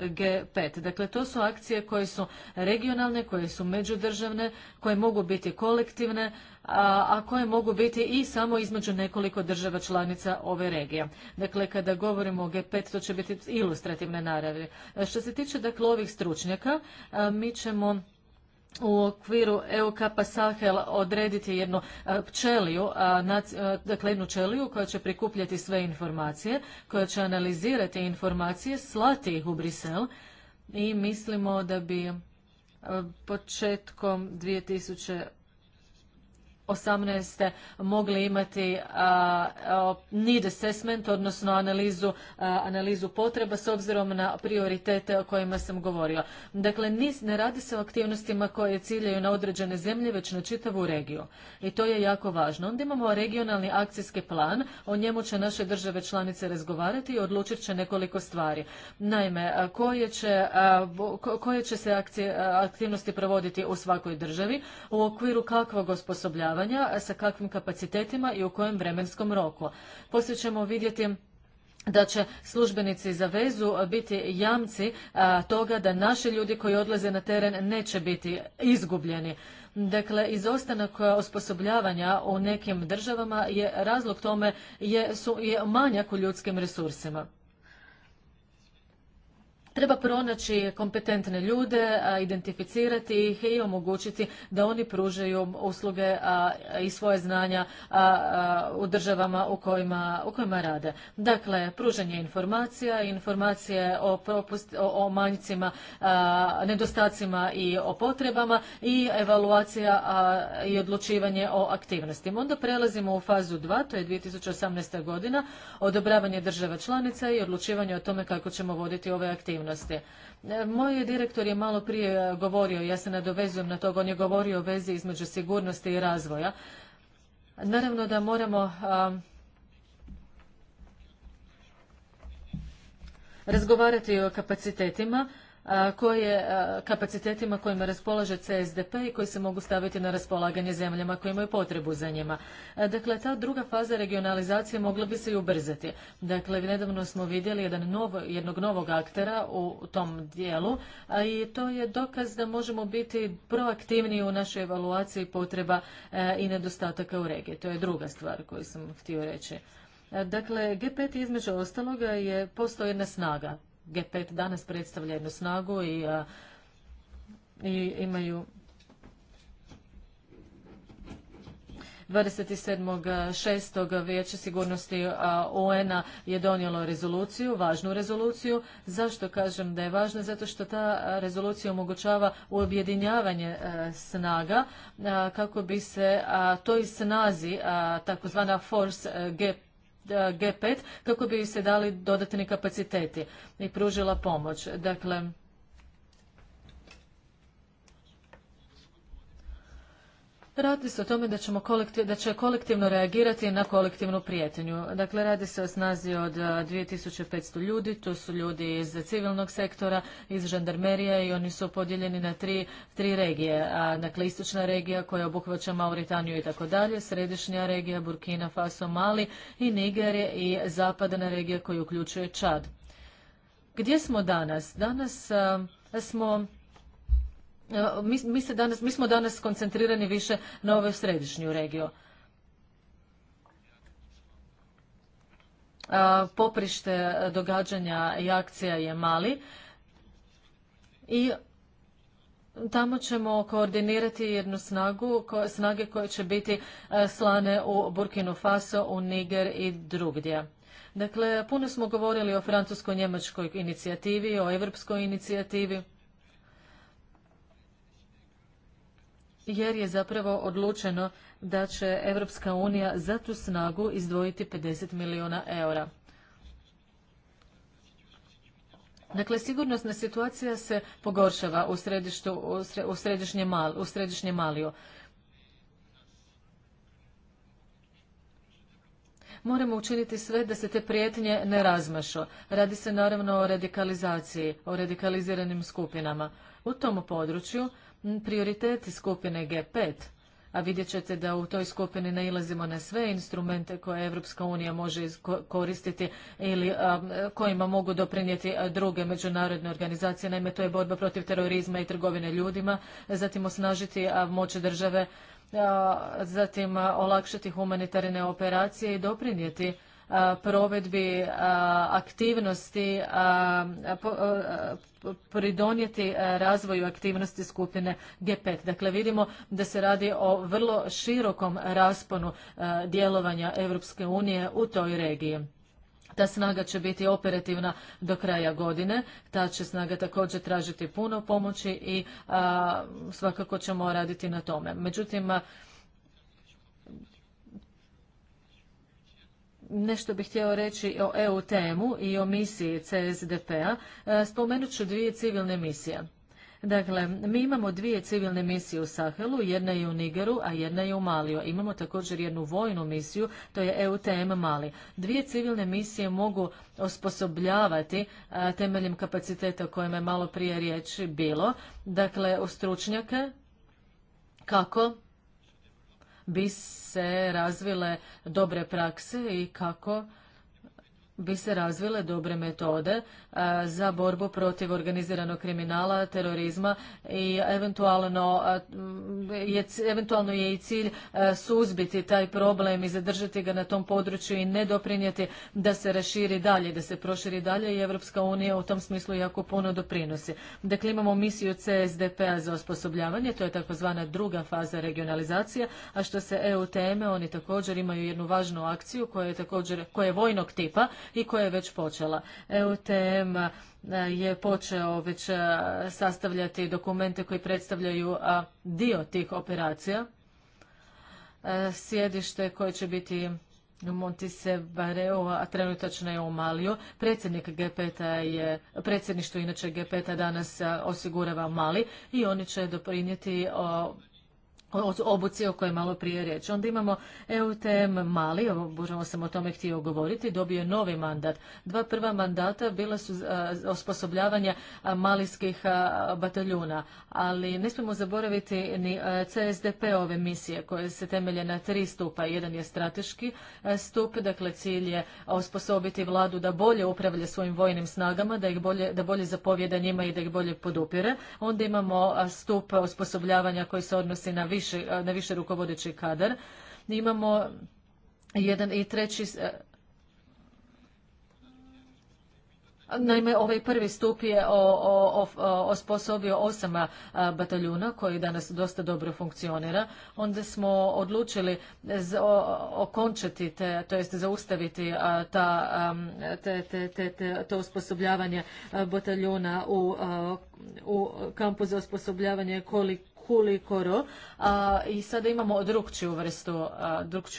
G5. Dakle, to su akcije koje su regionalne, koje su međudržavne, koje mogu biti kolektivne, a, koje mogu biti i samo između nekoliko država članica ove regije. Dakle, kada govorimo o G5, to će biti ilustrativne naravi. E, što se tiče, dakle, ovih stručnjaka, mi ćemo u okviru EU Sahel odrediti jednu e, pčeliju, e, dakle jednu čeliju koja će prikupljati sve informacije, koja će analizirati informacije, slati ih u Brisel i mislimo da bi e, početkom 2018. 2018. mogli imati need assessment, odnosno analizu, potreba s obzirom na prioritete o kojima sam govorio. Dakle, ne radi se o aktivnostima koje ciljaju na određene zemlje, već na čitavu regiju. I to je jako važno. Onda imamo regionalni akcijski plan, o njemu će naše države članice razgovarati i odlučit će nekoliko stvari. Naime, koje će, koje će se aktivnosti provoditi u svakoj državi, u okviru kakvog osposobljavanja, predavanja, sa kakvim kapacitetima i u kojem vremenskom roku. Poslije ćemo vidjeti da će službenici za vezu biti jamci toga da naši ljudi koji odlaze na teren neće biti izgubljeni. Dakle, izostanak osposobljavanja u nekim državama je razlog tome je, je manjak u ljudskim resursima. Treba pronaći kompetentne ljude, identificirati ih i omogućiti da oni pružaju usluge i svoje znanja u državama u kojima, u kojima rade. Dakle, pružanje informacija, informacije o, o, manjcima, nedostacima i o potrebama i evaluacija i odlučivanje o aktivnostima. Onda prelazimo u fazu 2, to je 2018. godina, odobravanje država članica i odlučivanje o tome kako ćemo voditi ove aktivnosti aktivnosti. E, moj direktor je malo prije e, govorio, ja se nadovezujem na to, on je govorio o vezi između sigurnosti i razvoja. Naravno da moramo razgovarati o kapacitetima, koje kapacitetima kojima raspolaže CSDP i koji se mogu staviti na raspolaganje zemljama koje imaju potrebu za njima. Dakle, ta druga faza regionalizacije mogla bi se i ubrzati. Dakle, nedavno smo vidjeli jedan novo, jednog novog aktera u tom dijelu a i to je dokaz da možemo biti proaktivniji u našoj evaluaciji potreba e, i nedostataka u regiji. To je druga stvar koju sam htio reći. Dakle, G5 između ostaloga je postao jedna snaga G5 danas predstavlja jednu snagu i, i imaju 27.6. Vijeće sigurnosti UN-a je donijelo rezoluciju, važnu rezoluciju. Zašto kažem da je važna? Zato što ta rezolucija omogućava objedinjavanje snaga kako bi se toj snazi, takozvana Force g G5 kako bi se dali dodatni kapaciteti i pružila pomoć. Dakle, Radi se o tome da, ćemo kolektiv, da će kolektivno reagirati na kolektivnu prijetenju. Dakle, radi se o snazi od 2500 ljudi, to su ljudi iz civilnog sektora, iz žandarmerije i oni su podijeljeni na tri, regije. A, dakle, istočna regija koja obuhvaća Mauritaniju i tako dalje, središnja regija Burkina Faso, Mali i Nigerije i zapadna regija koju uključuje Čad. Gdje smo danas? Danas smo E, mi, smo danas koncentrirani više na ovu središnju regiju. E, poprište događanja i akcija je mali i tamo ćemo koordinirati jednu snagu, snage koje će biti e, slane u Burkinu Faso, u Niger i drugdje. Dakle, puno smo govorili o francusko-njemačkoj inicijativi, o evropskoj inicijativi. jer je zapravo odlučeno da će Europska unija za tu snagu izdvojiti 50 milijuna eura. Dakle, sigurnosna situacija se pogoršava u, središtu, u, središnje, u središnje Maliju. Moramo učiniti sve da se te prijetnje ne razmašu. Radi se naravno o radikalizaciji, o radikaliziranim skupinama. U tom području Mm, prioriteti skupine G5, a vidjet ćete da u toj skupini nailazimo na sve instrumente koje Evropska unija može koristiti ili kojima mogu doprinijeti druge međunarodne organizacije. Naime, to je borba protiv terorizma i trgovine ljudima, zatim osnažiti moće države, zatim olakšati humanitarne operacije i doprinijeti provedbi aktivnosti pridonijeti razvoju aktivnosti skupine G5. Dakle, vidimo da se radi o vrlo širokom rasponu djelovanja Europske unije u toj regiji. Ta snaga će biti operativna do kraja godine. Ta će snaga također tražiti puno pomoći i svakako ćemo raditi na tome. Međutim, nešto bih htjela reći o EU temu i o misiji CSDP-a. E, spomenut ću dvije civilne misije. Dakle, mi imamo dvije civilne misije u Sahelu, jedna je u Nigeru, a jedna je u Maliju. Imamo također jednu vojnu misiju, to je EUTM Mali. Dvije civilne misije mogu osposobljavati e, temeljem kapaciteta o kojima je malo prije riječi bilo. Dakle, stručnjake kako bi se razvile dobre prakse i kako bi se razvile dobre metode e, za borbu protiv organiziranog kriminala, terorizma i eventualno e, je, eventualno je i cilj e, suzbiti taj problem i zadržati ga na tom području i ne doprinijeti da se raširi dalje, da se proširi dalje i Evropska unija u tom smislu jako puno doprinosi. Dakle, imamo misiju CSDP-a za osposobljavanje, to je takozvana druga faza regionalizacije, a što se EU teme, oni također imaju jednu važnu akciju koja je također, koja je vojnog tipa, i koja je već počela. EUTM e, je počeo već e, sastavljati dokumente koji predstavljaju dio tih operacija. E, sjedište koje će biti Montise Bareo, a trenutačno je u Maliju. Predsjednik a je, predsjedništvo inače GP-a danas osigurava Mali i oni će doprinijeti obuci o kojoj malo prije riječ. Onda imamo EUTM Mali, možemo sam o tome htio govoriti, dobio je novi mandat. Dva prva mandata bila su osposobljavanja malijskih bataljuna, ali ne smijemo zaboraviti ni e, CSDP ove misije koje se temelje na tri stupa. Jedan je strateški e, stup, dakle cilj je osposobiti vladu da bolje upravlja svojim vojnim snagama, da ih bolje, da bolje zapovjeda njima i da ih bolje podupire. Onda imamo stup osposobljavanja koji se odnosi na više na više rukovodeći kadar. Imamo jedan i treći e, Naime, ovaj prvi stup je osposobio osama bataljuna koji danas dosta dobro funkcionira. Onda smo odlučili okončati, to jest zaustaviti to osposobljavanje bataljuna u, u kampu za osposobljavanje kolik a, i sada imamo drukčiju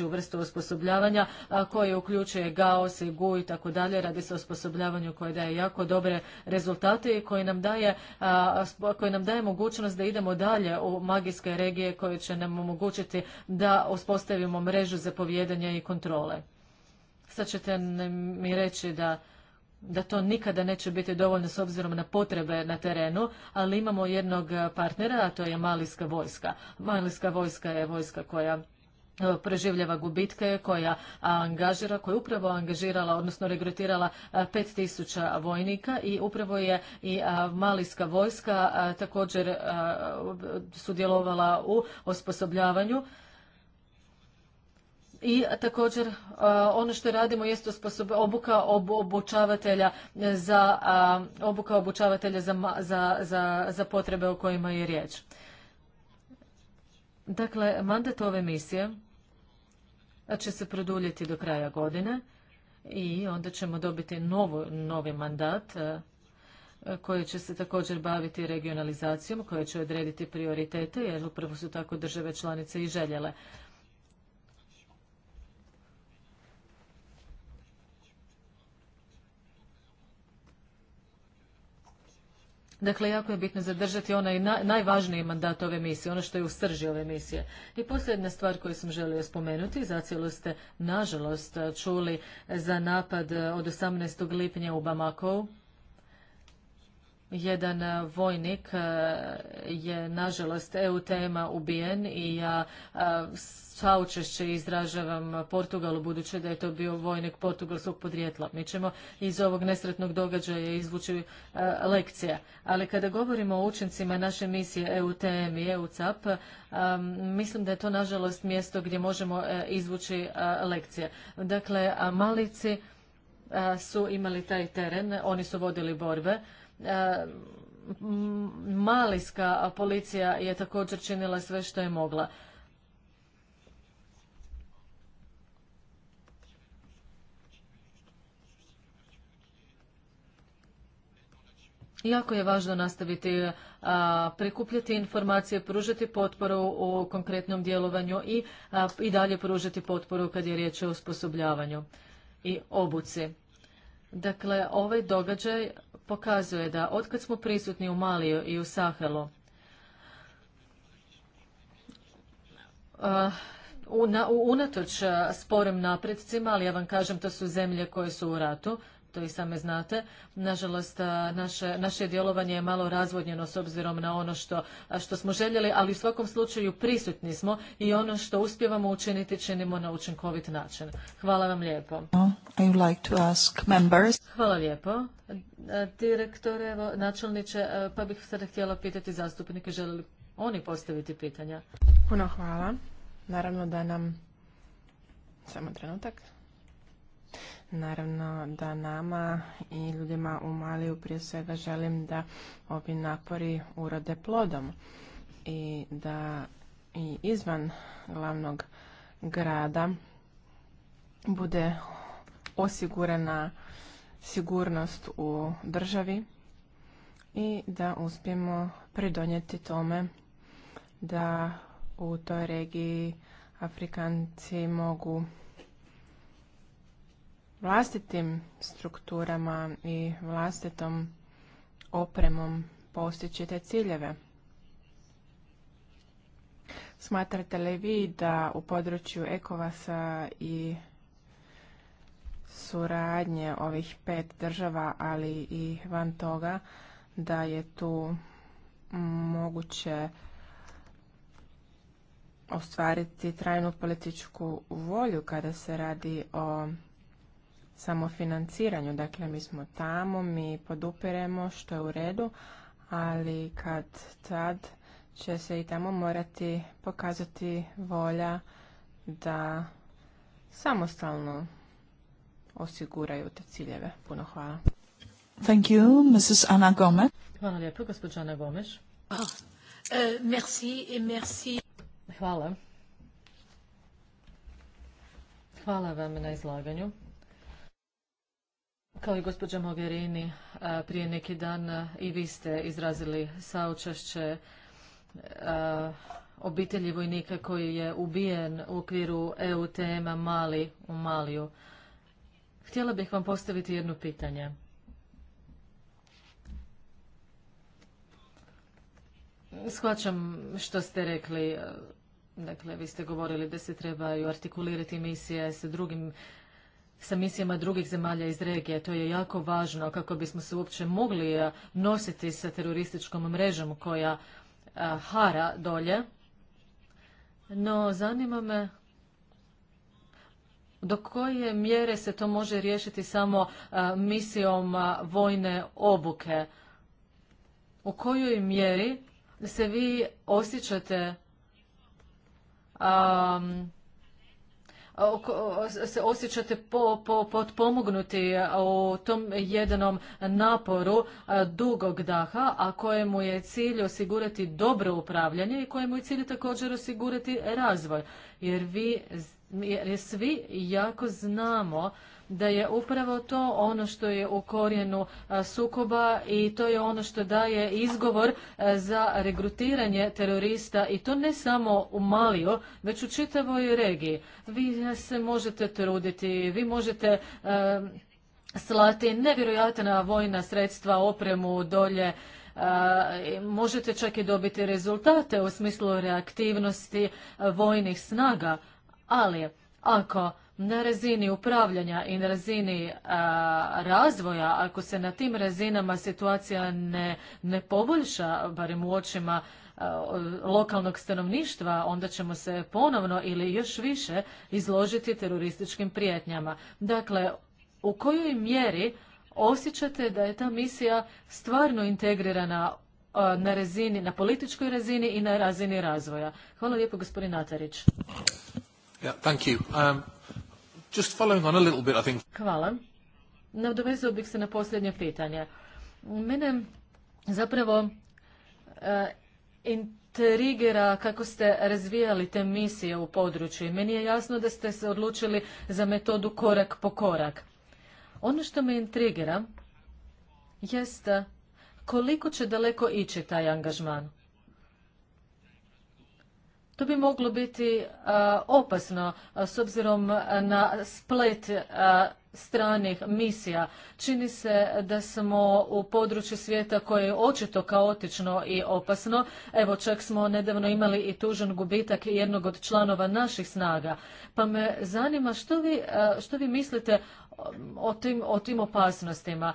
vrstu, osposobljavanja koje uključuje GAOS i guj i tako dalje. Radi se o osposobljavanju koje daje jako dobre rezultate i koje nam daje, mogućnost da idemo dalje u magijske regije koje će nam omogućiti da uspostavimo mrežu zapovjedanja i kontrole. Sad ćete mi reći da da to nikada neće biti dovoljno s obzirom na potrebe na terenu, ali imamo jednog e, partnera, a to je Malijska vojska. Malijska vojska je vojska koja e, preživljava gubitke, koja angažira, koja je upravo angažirala, odnosno regrutirala 5000 e, vojnika i upravo je i malijska vojska također sudjelovala u osposobljavanju i također e, ono što radimo jest obuka obučavatelja za obuka obučavatelja za, potrebe o kojima je riječ. Dakle, mandat ove misije će se produljiti do kraja godine i onda ćemo dobiti novi mandat e, koji će se također baviti regionalizacijom, koje će odrediti prioritete, jer upravo su tako države članice i željele. Dakle, jako je bitno zadržati onaj najvažniji mandat ove misije, ono što je u srži ove misije. I posljedna stvar koju sam želio spomenuti, zacijelo ste, nažalost, čuli za napad od 18. lipnja u Bamakovu jedan e, vojnik e, je nažalost EU tema ubijen i ja e, saučešće izražavam Portugalu budući da je to bio vojnik portugalskog podrijetla. Mi ćemo iz ovog nesretnog događaja izvući lekcija. lekcije. Ali kada govorimo o učincima naše misije EUTM i EUCAP, mislim da je to nažalost mjesto gdje možemo izvući lekcije. Dakle, malici su imali taj teren, oni su vodili borbe. Malijska policija je također činila sve što je mogla. Jako je važno nastaviti prikupljati informacije, pružiti potporu u konkretnom djelovanju i, i dalje pružiti potporu kad je riječ o osposobljavanju i obuci. Dakle, ovaj događaj pokazuje da otkad smo prisutni u Maliju i u Sahelu, eh, unatoč eh, sporim napredcima, ali ja vam kažem to su zemlje koje su u ratu, to i same znate. Nažalost, naše, djelovanje je malo razvodnjeno s obzirom na ono što, što smo željeli, ali u svakom slučaju prisutni smo i ono što uspjevamo učiniti činimo na učinkovit način. Hvala vam lijepo. Hvala lijepo. Direktore, načelniče, pa bih sada htjela pitati zastupnike, žele li oni postaviti pitanja? Puno hvala. Naravno da nam... Samo trenutak. Naravno da nama i ljudima u Maliju prije svega želim da ovi napori urode plodom i da i izvan glavnog grada bude osigurana sigurnost u državi i da uspijemo pridonijeti tome da u toj regiji Afrikanci mogu vlastitim strukturama i vlastitom opremom postići te ciljeve. Smatrate li vi da u području Ekovasa i suradnje ovih pet država, ali i van toga, da je tu moguće ostvariti trajnu političku volju kada se radi o samofinanciranju. Dakle, mi smo tamo, mi podupiremo što je u redu, ali kad tad će se i tamo morati pokazati volja da samostalno osiguraju te ciljeve. Puno hvala. Thank you, Mrs. Anna Gomez. Hvala lijepo, gospođa ah, eh, merci merci. Hvala. Hvala vam na izlaganju. Kao i gospođa Mogherini, e, prije neki dan e, i vi ste izrazili saučašće e, obitelji vojnika koji je ubijen u okviru EU tema Mali u Maliju. Htjela bih vam postaviti jedno pitanje. Shvaćam što ste rekli, dakle vi ste govorili da se trebaju artikulirati misije sa drugim sa misijama drugih zemalja iz regije. To je jako važno kako bismo se uopće mogli eh, nositi sa terorističkom mrežom koja eh, hara dolje. No, zanima me do koje mjere se to može riješiti samo eh, misijom vojne obuke? U kojoj mjeri se vi osjećate se osjećate po, potpomognuti e, u tom jednom naporu e, dugog daha, a kojemu je cilj osigurati dobro upravljanje i kojemu je cilj također osigurati razvoj. Jer vi, jer svi jako znamo da je upravo to ono što je u korijenu sukoba i to je ono što daje izgovor za regrutiranje terorista i to ne samo u Maliju, već u čitavoj regiji. Vi se možete truditi, vi možete slati nevjerojatna vojna sredstva, opremu dolje, možete čak i dobiti rezultate u smislu reaktivnosti vojnih snaga, ali ako na razini upravljanja i na razini razvoja, ako se na tim razinama situacija ne, ne poboljša, barem u očima lokalnog stanovništva, onda ćemo se ponovno ili još više izložiti terorističkim prijetnjama. Dakle, u kojoj mjeri osjećate da je ta misija stvarno integrirana na razini, na političkoj razini i na razini razvoja? Hvala lijepo, gospodin Atarić. Yeah, thank you. Um... Just following on a little bit, I think. Hvala. Nadovezao bih se na posljednje pitanje. Mene zapravo uh, intrigira kako ste razvijali te misije u području. Meni je jasno da ste se odlučili za metodu korak po korak. Ono što me intrigira jest koliko će daleko ići taj angažman. To bi moglo biti e, opasno s obzirom e, na splet e, stranih misija. Čini se da smo u području svijeta koje je očito kaotično i opasno. Evo čak smo nedavno imali i tužan gubitak jednog od članova naših snaga. Pa me zanima što vi, što vi mislite o tim, o tim opasnostima.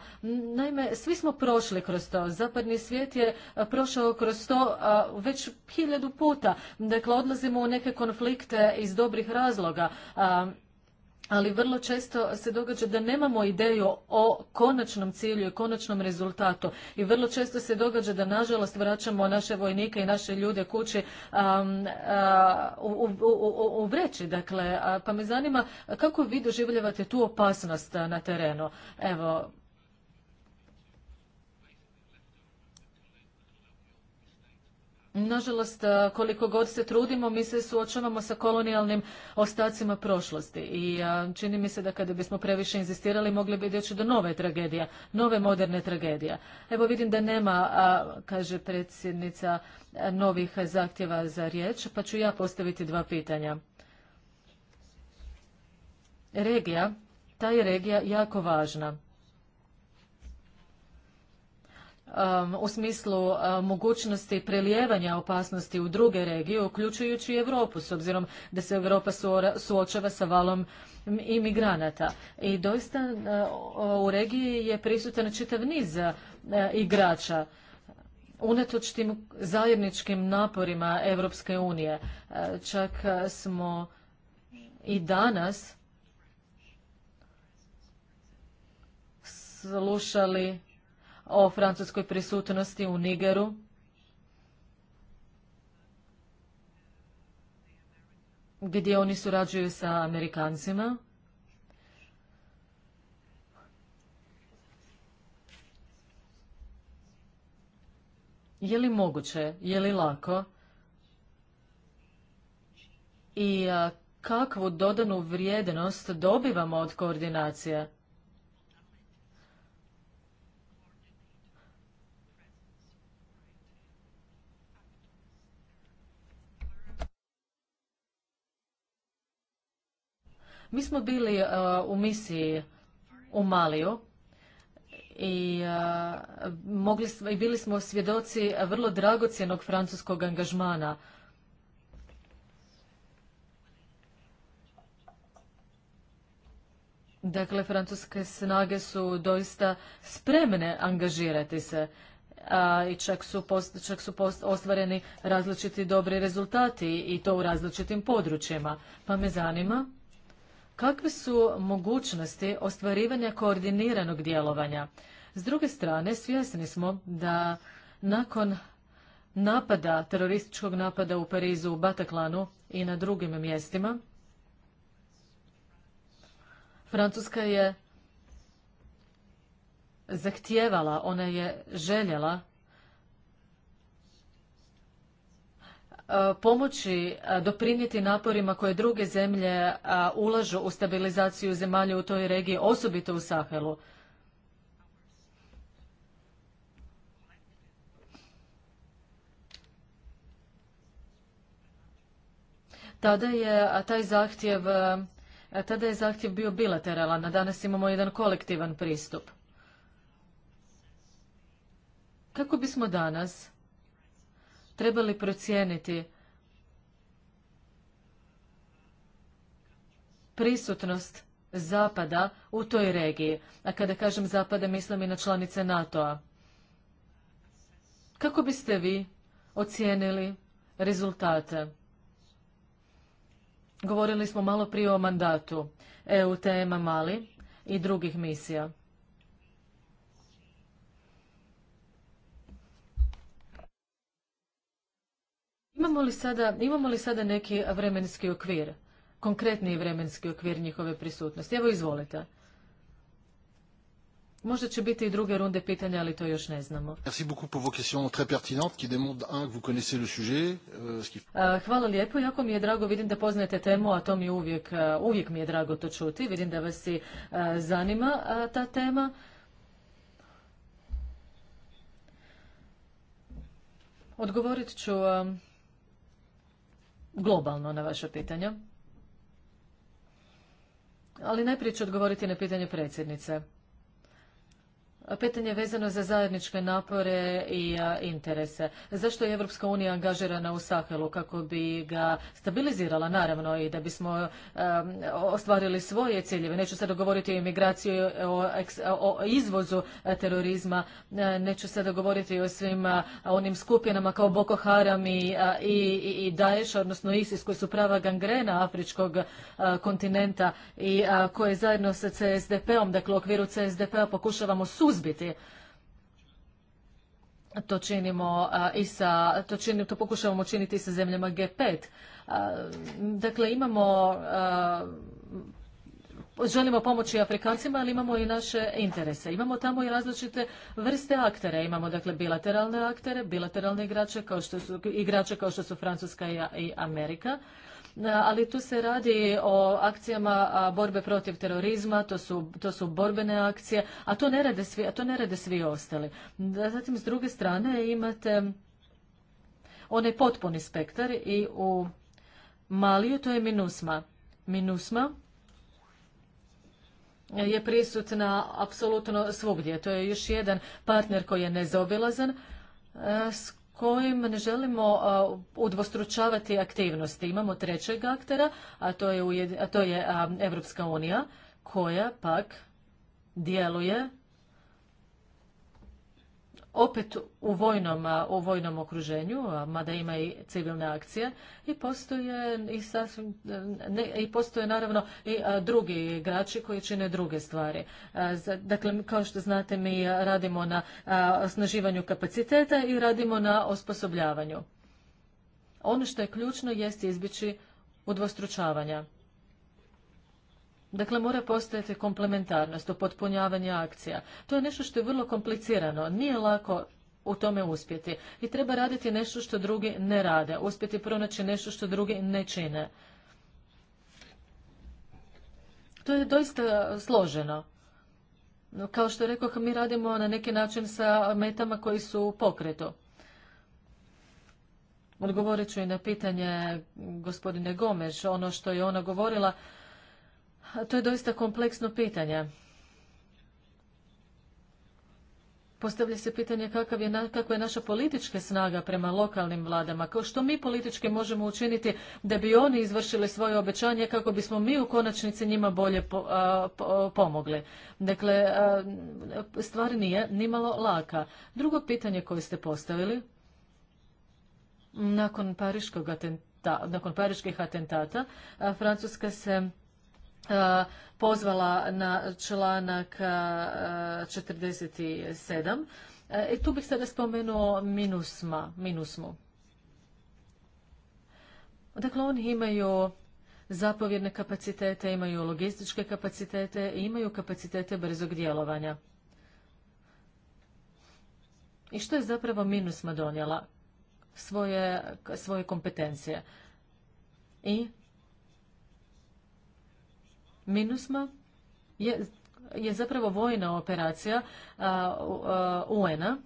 Naime, svi smo prošli kroz to. Zapadni svijet je prošao kroz to već hiljadu puta. Dakle, odlazimo u neke konflikte iz dobrih razloga ali vrlo često se događa da nemamo ideju o konačnom cilju i konačnom rezultatu i vrlo često se događa da nažalost vraćamo naše vojnike i naše ljude kući u, u vreći dakle pa me zanima kako vi doživljavate tu opasnost na terenu evo Nažalost, e, koliko god se trudimo, mi se suočavamo sa kolonijalnim ostacima prošlosti i e, čini mi se da kada bismo previše inzistirali mogli bi doći do nove tragedije, nove moderne tragedije. Evo vidim da nema, kaže predsjednica, e, novih zahtjeva za riječ, pa ću ja postaviti dva pitanja. Regija, ta je regija jako važna Um, u smislu uh, mogućnosti prelijevanja opasnosti u druge regije, uključujući i Europu, s obzirom da se Europa suočava sa valom imigranata. I doista uh, u regiji je prisutan čitav niz uh, igrača unatoč tim zajedničkim naporima Europske unije. Čak smo i danas slušali o francuskoj prisutnosti u Nigeru. gdje oni surađuju sa Amerikancima. Je li moguće, je li lako i kakvu dodanu vrijednost dobivamo od koordinacije? Mi smo bili e, u misiji u Maliju i e, mogli i bili smo svjedoci vrlo dragocjenog francuskog angažmana. Dakle, francuske snage su doista spremne angažirati se i čak su, post, čak su ostvareni različiti dobri rezultati i to u različitim područjima. Pa me zanima Kakve su mogućnosti ostvarivanja koordiniranog djelovanja? S druge strane, svjesni smo da nakon napada, terorističkog napada u Parizu, u Bataklanu i na drugim mjestima, Francuska je zahtijevala, ona je željela E, pomoći e, doprinijeti naporima koje druge zemlje e, ulažu u stabilizaciju zemalja u toj regiji, osobito u Sahelu. Tada je taj zahtjev, zahtjev bio bilateralan, a danas imamo jedan kolektivan pristup. Kako bismo danas trebali procijeniti prisutnost Zapada u toj regiji, a kada kažem Zapada mislim i na članice NATO-a. Kako biste vi ocijenili rezultate? Govorili smo malo prije o mandatu EU tema Mali i drugih misija. Imamo li sada, neki vremenski okvir? Konkretni vremenski okvir njihove prisutnosti? Evo, izvolite. Možda će biti i druge runde pitanja, ali to još ne znamo. Hvala lijepo, jako mi je drago, vidim da poznajete temu, a to mi uvijek, eh, uvijek mi je drago to čuti. Vidim da vas i eh, zanima eh, ta tema. Odgovorit ću globalno na vaše pitanja. Ali najprije ću odgovoriti na pitanje predsjednice. Pitanje vezano za zajedničke napore i interese. Zašto je Evropska unija angažirana u Sahelu? Kako bi ga stabilizirala, naravno, i da bismo ostvarili svoje ciljeve. Neću sada govoriti o imigraciji, o, izvozu e, terorizma. E, neću sada govoriti o svim onim skupinama kao Boko Haram i, i, Daesh, odnosno ISIS, koji su prava gangrena afričkog e, kontinenta i koje zajedno sa CSDP-om, dakle u okviru CSDP-a pokušavamo suzbiti suzbiti. To činimo i sa, to, to pokušavamo činiti i sa zemljama G5. Dakle, imamo želimo pomoći Afrikancima, ali imamo i naše interese. Imamo tamo i različite vrste aktere. Imamo dakle bilateralne aktere, bilateralne igrače kao što su, igrače kao što su Francuska i Amerika ali tu se radi o akcijama borbe protiv terorizma, to su, to su borbene akcije, a to ne rade svi, a to ne rade svi ostali. Zatim s druge strane imate onaj potpuni spektar i u Maliju to je minusma. Minusma je prisutna apsolutno svugdje. To je još jedan partner koji je nezobilazan, s kojim ne želimo udvostručavati aktivnosti. Imamo trećeg aktera, a to je, a to je Evropska unija, koja pak djeluje opet u vojnom, u vojnom okruženju, mada ima i civilne akcije i postoje i, sasvim, i postoje naravno i drugi igrači koji čine druge stvari. Dakle, kao što znate, mi radimo na osnaživanju kapaciteta i radimo na osposobljavanju. Ono što je ključno jest izbići udvostručavanja. Dakle, mora postojati komplementarnost, upotpunjavanje akcija. To je nešto što je vrlo komplicirano. Nije lako u tome uspjeti. I treba raditi nešto što drugi ne rade. Uspjeti pronaći nešto što drugi ne čine. To je doista složeno. Kao što rekao, mi radimo na neki način sa metama koji su u pokretu. Odgovorit ću i na pitanje gospodine Gomeš. Ono što je ona govorila to je doista kompleksno pitanje. Postavlja se pitanje kakav je, kakva je naša politička snaga prema lokalnim vladama, kao što mi politički možemo učiniti da bi oni izvršili svoje obećanje kako bismo mi u konačnici njima bolje pomogli. Dakle, stvar nije nimalo laka. Drugo pitanje koje ste postavili, nakon nakon pariških atentata, Francuska se E, pozvala na članak 47. E, e tu bih sada spomenuo minusma, minusmu. Dakle, oni imaju zapovjedne kapacitete, imaju logističke kapacitete i imaju kapacitete brzog djelovanja. I što je zapravo minusma donijela? Svoje, svoje kompetencije. I MINUSMA je, je zapravo vojna operacija UN-a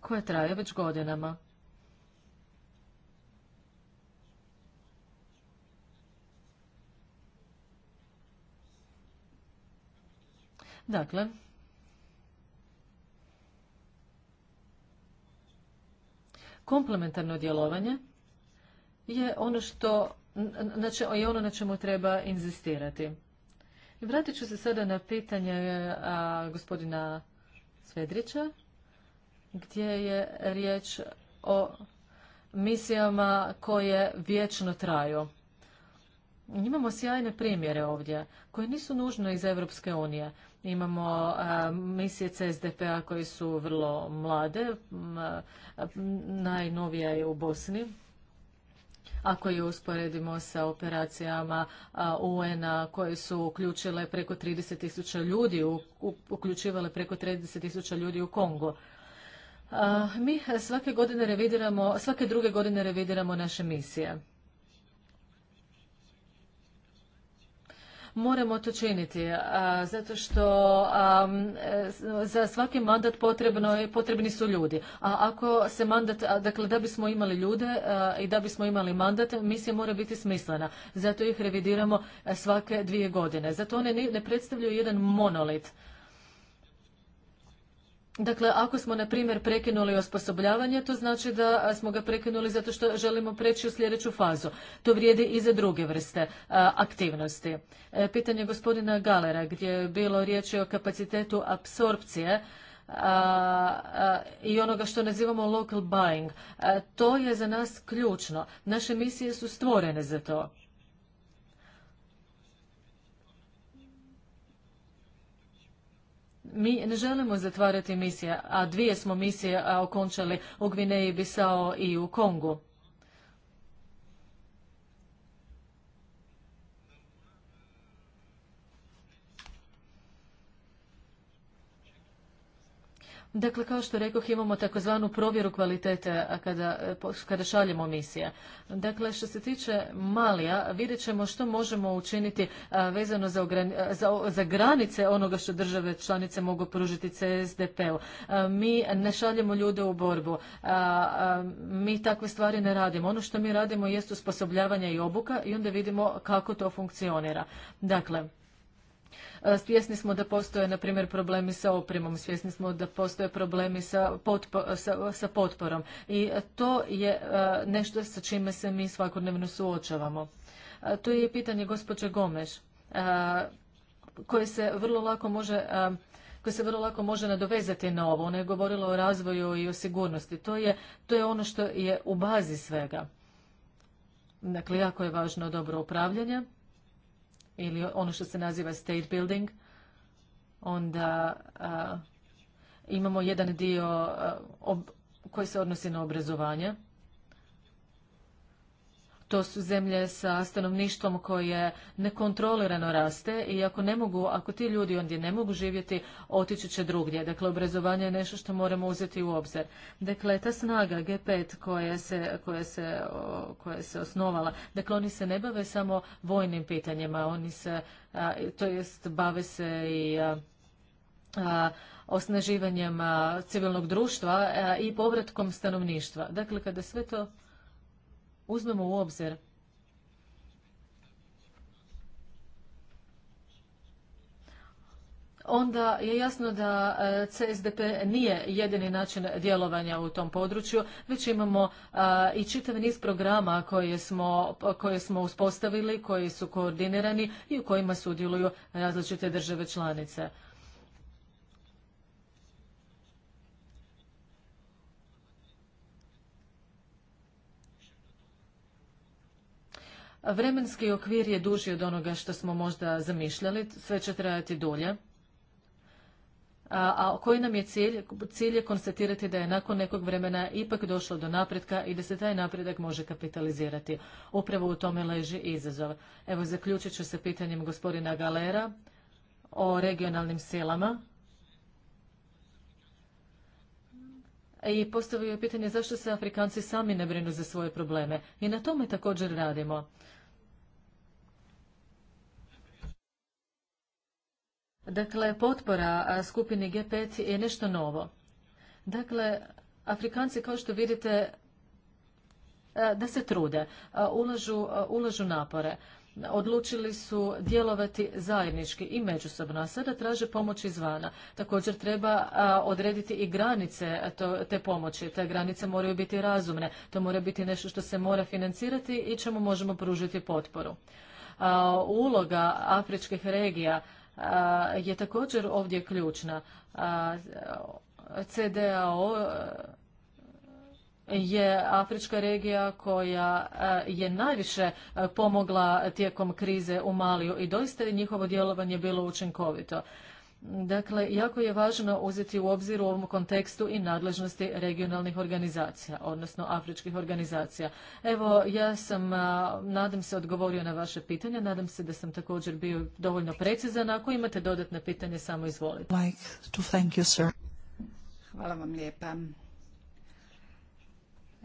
koja traje već godinama. Dakle, komplementarno djelovanje je ono što znači, je ono na čemu treba inzistirati. I vratit ću se sada na pitanje e, gospodina Svedrića, gdje je riječ o misijama koje vječno traju. Imamo sjajne primjere ovdje, koje nisu nužno iz Europske unije. Imamo a, misije CSDP-a koje su vrlo mlade, a, najnovija je u Bosni, ako ju usporedimo sa operacijama UN-a koje su uključile preko 30 tisuća ljudi, uključivale preko 30.000 tisuća ljudi u Kongo. Mi svake godine revidiramo, svake druge godine revidiramo naše misije. moramo to činiti zato što e, za svaki mandat potrebno potrebni su ljudi. A ako se mandat, dakle da bismo imali ljude i da bismo imali mandat, misija mora biti smislena. Zato ih revidiramo e, svake dvije godine. Zato one ne predstavljaju jedan monolit. Dakle, ako smo, na primjer, prekinuli osposobljavanje, to znači da smo ga prekinuli zato što želimo preći u sljedeću fazu. To vrijedi i za druge vrste aktivnosti. E, pitanje gospodina Galera, gdje je bilo riječi o kapacitetu apsorpcije, i onoga što nazivamo local buying. to je za nas ključno. Naše misije su stvorene za to. Mi ne želimo zatvarati misije, a dvije smo misije okončali u Gvineji, Bisao i u Kongu. Dakle, kao što rekoh, imamo takozvanu provjeru kvalitete e, kada, šaljemo misije. Dakle, što se tiče Malija, vidjet ćemo što možemo učiniti e, vezano e, za, granice onoga što države članice mogu pružiti CSDP-u. Mi ne šaljemo ljude u borbu. Mi takve stvari ne radimo. Ono što mi radimo jest osposobljavanje i obuka i onda vidimo kako to funkcionira. Dakle, E, svjesni smo da postoje, na primjer, problemi sa opremom, svjesni smo da postoje problemi sa, potporom i to je e, nešto sa čime se mi svakodnevno suočavamo. E, to je pitanje gospođe Gomeš, koje se vrlo lako može koje se vrlo lako može nadovezati na ovo. Ona je govorila o razvoju i o sigurnosti. To je, to je ono što je u bazi svega. Dakle, jako je važno dobro upravljanje, ili ono što se naziva state building, onda imamo jedan dio koji se odnosi na obrazovanje to su zemlje sa stanovništvom koje nekontrolirano raste i ako ne mogu, ako ti ljudi ondje ne mogu živjeti, otići će drugdje. Dakle, obrazovanje je nešto što moramo uzeti u obzir. Dakle, ta snaga G5 koja se, koja se, koja se osnovala, dakle, oni se ne bave samo vojnim pitanjima, oni se, to jest, bave se i osnaživanjem civilnog društva i povratkom stanovništva. Dakle, kada sve to uzmemo u obzir. onda je jasno da e, CSDP nije jedini način djelovanja u tom području, već imamo e, i čitav niz programa koje smo, koje smo uspostavili, koji su koordinirani i u kojima sudjeluju različite države članice. Vremenski okvir je duži od onoga što smo možda zamišljali, sve će trajati dulje. A, koji nam je cilj? Cilj je konstatirati da je nakon nekog vremena ipak došlo do napretka i da se taj napredak može kapitalizirati. Upravo u tome leži izazov. Evo, zaključit ću sa pitanjem gospodina Galera o regionalnim silama. i postavio je pitanje zašto se Afrikanci sami ne brinu za svoje probleme. I na tome također radimo. Dakle, potpora skupini G5 je nešto novo. Dakle, Afrikanci, kao što vidite, da se trude, ulažu napore odlučili su djelovati zajednički i međusobno, a sada traže pomoć izvana. Također treba odrediti i granice te pomoći. Te granice moraju biti razumne. To mora biti nešto što se mora financirati i čemu možemo pružiti potporu. uloga afričkih regija je također ovdje ključna. CDAO je Afrička regija koja e, je najviše e, pomogla tijekom krize u Maliju i doista je njihovo djelovanje bilo učinkovito. Dakle, jako je važno uzeti u obzir u ovom kontekstu i nadležnosti regionalnih organizacija, odnosno afričkih organizacija. Evo, ja sam, e, nadam se, odgovorio na vaše pitanje, nadam se da sam također bio dovoljno precizan. Ako imate dodatne pitanje, samo izvolite. Hvala vam lijepa.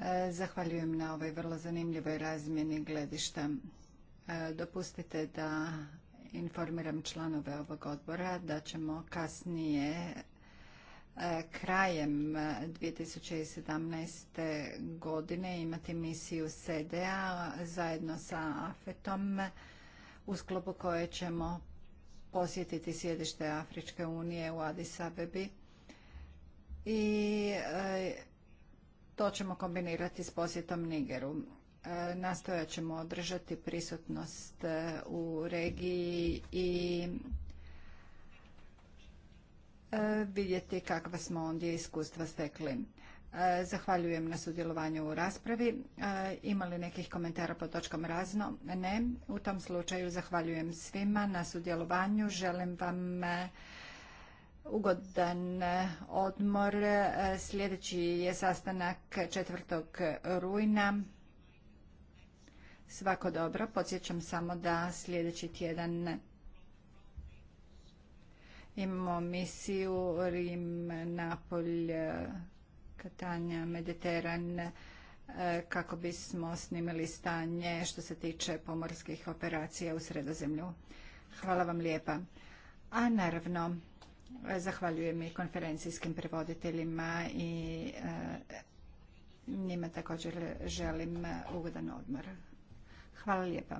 E, zahvaljujem na ovoj vrlo zanimljivoj razmjeni gledišta. E, dopustite da informiram članove ovog odbora da ćemo kasnije e, krajem 2017. godine imati misiju SEDEA zajedno sa AFET-om u sklopu koje ćemo posjetiti sjedište Afričke unije u Addis Abebi i to ćemo kombinirati s posjetom Nigeru. E, nastojat ćemo održati prisutnost e, u regiji i e, vidjeti kakva smo ondje iskustva stekli. Zahvaljujem na sudjelovanju u raspravi. Imali nekih komentara po točkom razno? Ne. U tom slučaju zahvaljujem svima na sudjelovanju. Želim vam ugodan odmor. E, sljedeći je sastanak 4. rujna. Svako dobro. Podsjećam samo da sljedeći tjedan imamo misiju Rim, Napolj, Katanja, Mediteran e, kako bismo snimili stanje što se tiče pomorskih operacija u sredozemlju. Hvala vam lijepa. A naravno, Zahvaljujem i konferencijskim prevoditeljima i e, njima također želim ugodan odmor. Hvala lijepa.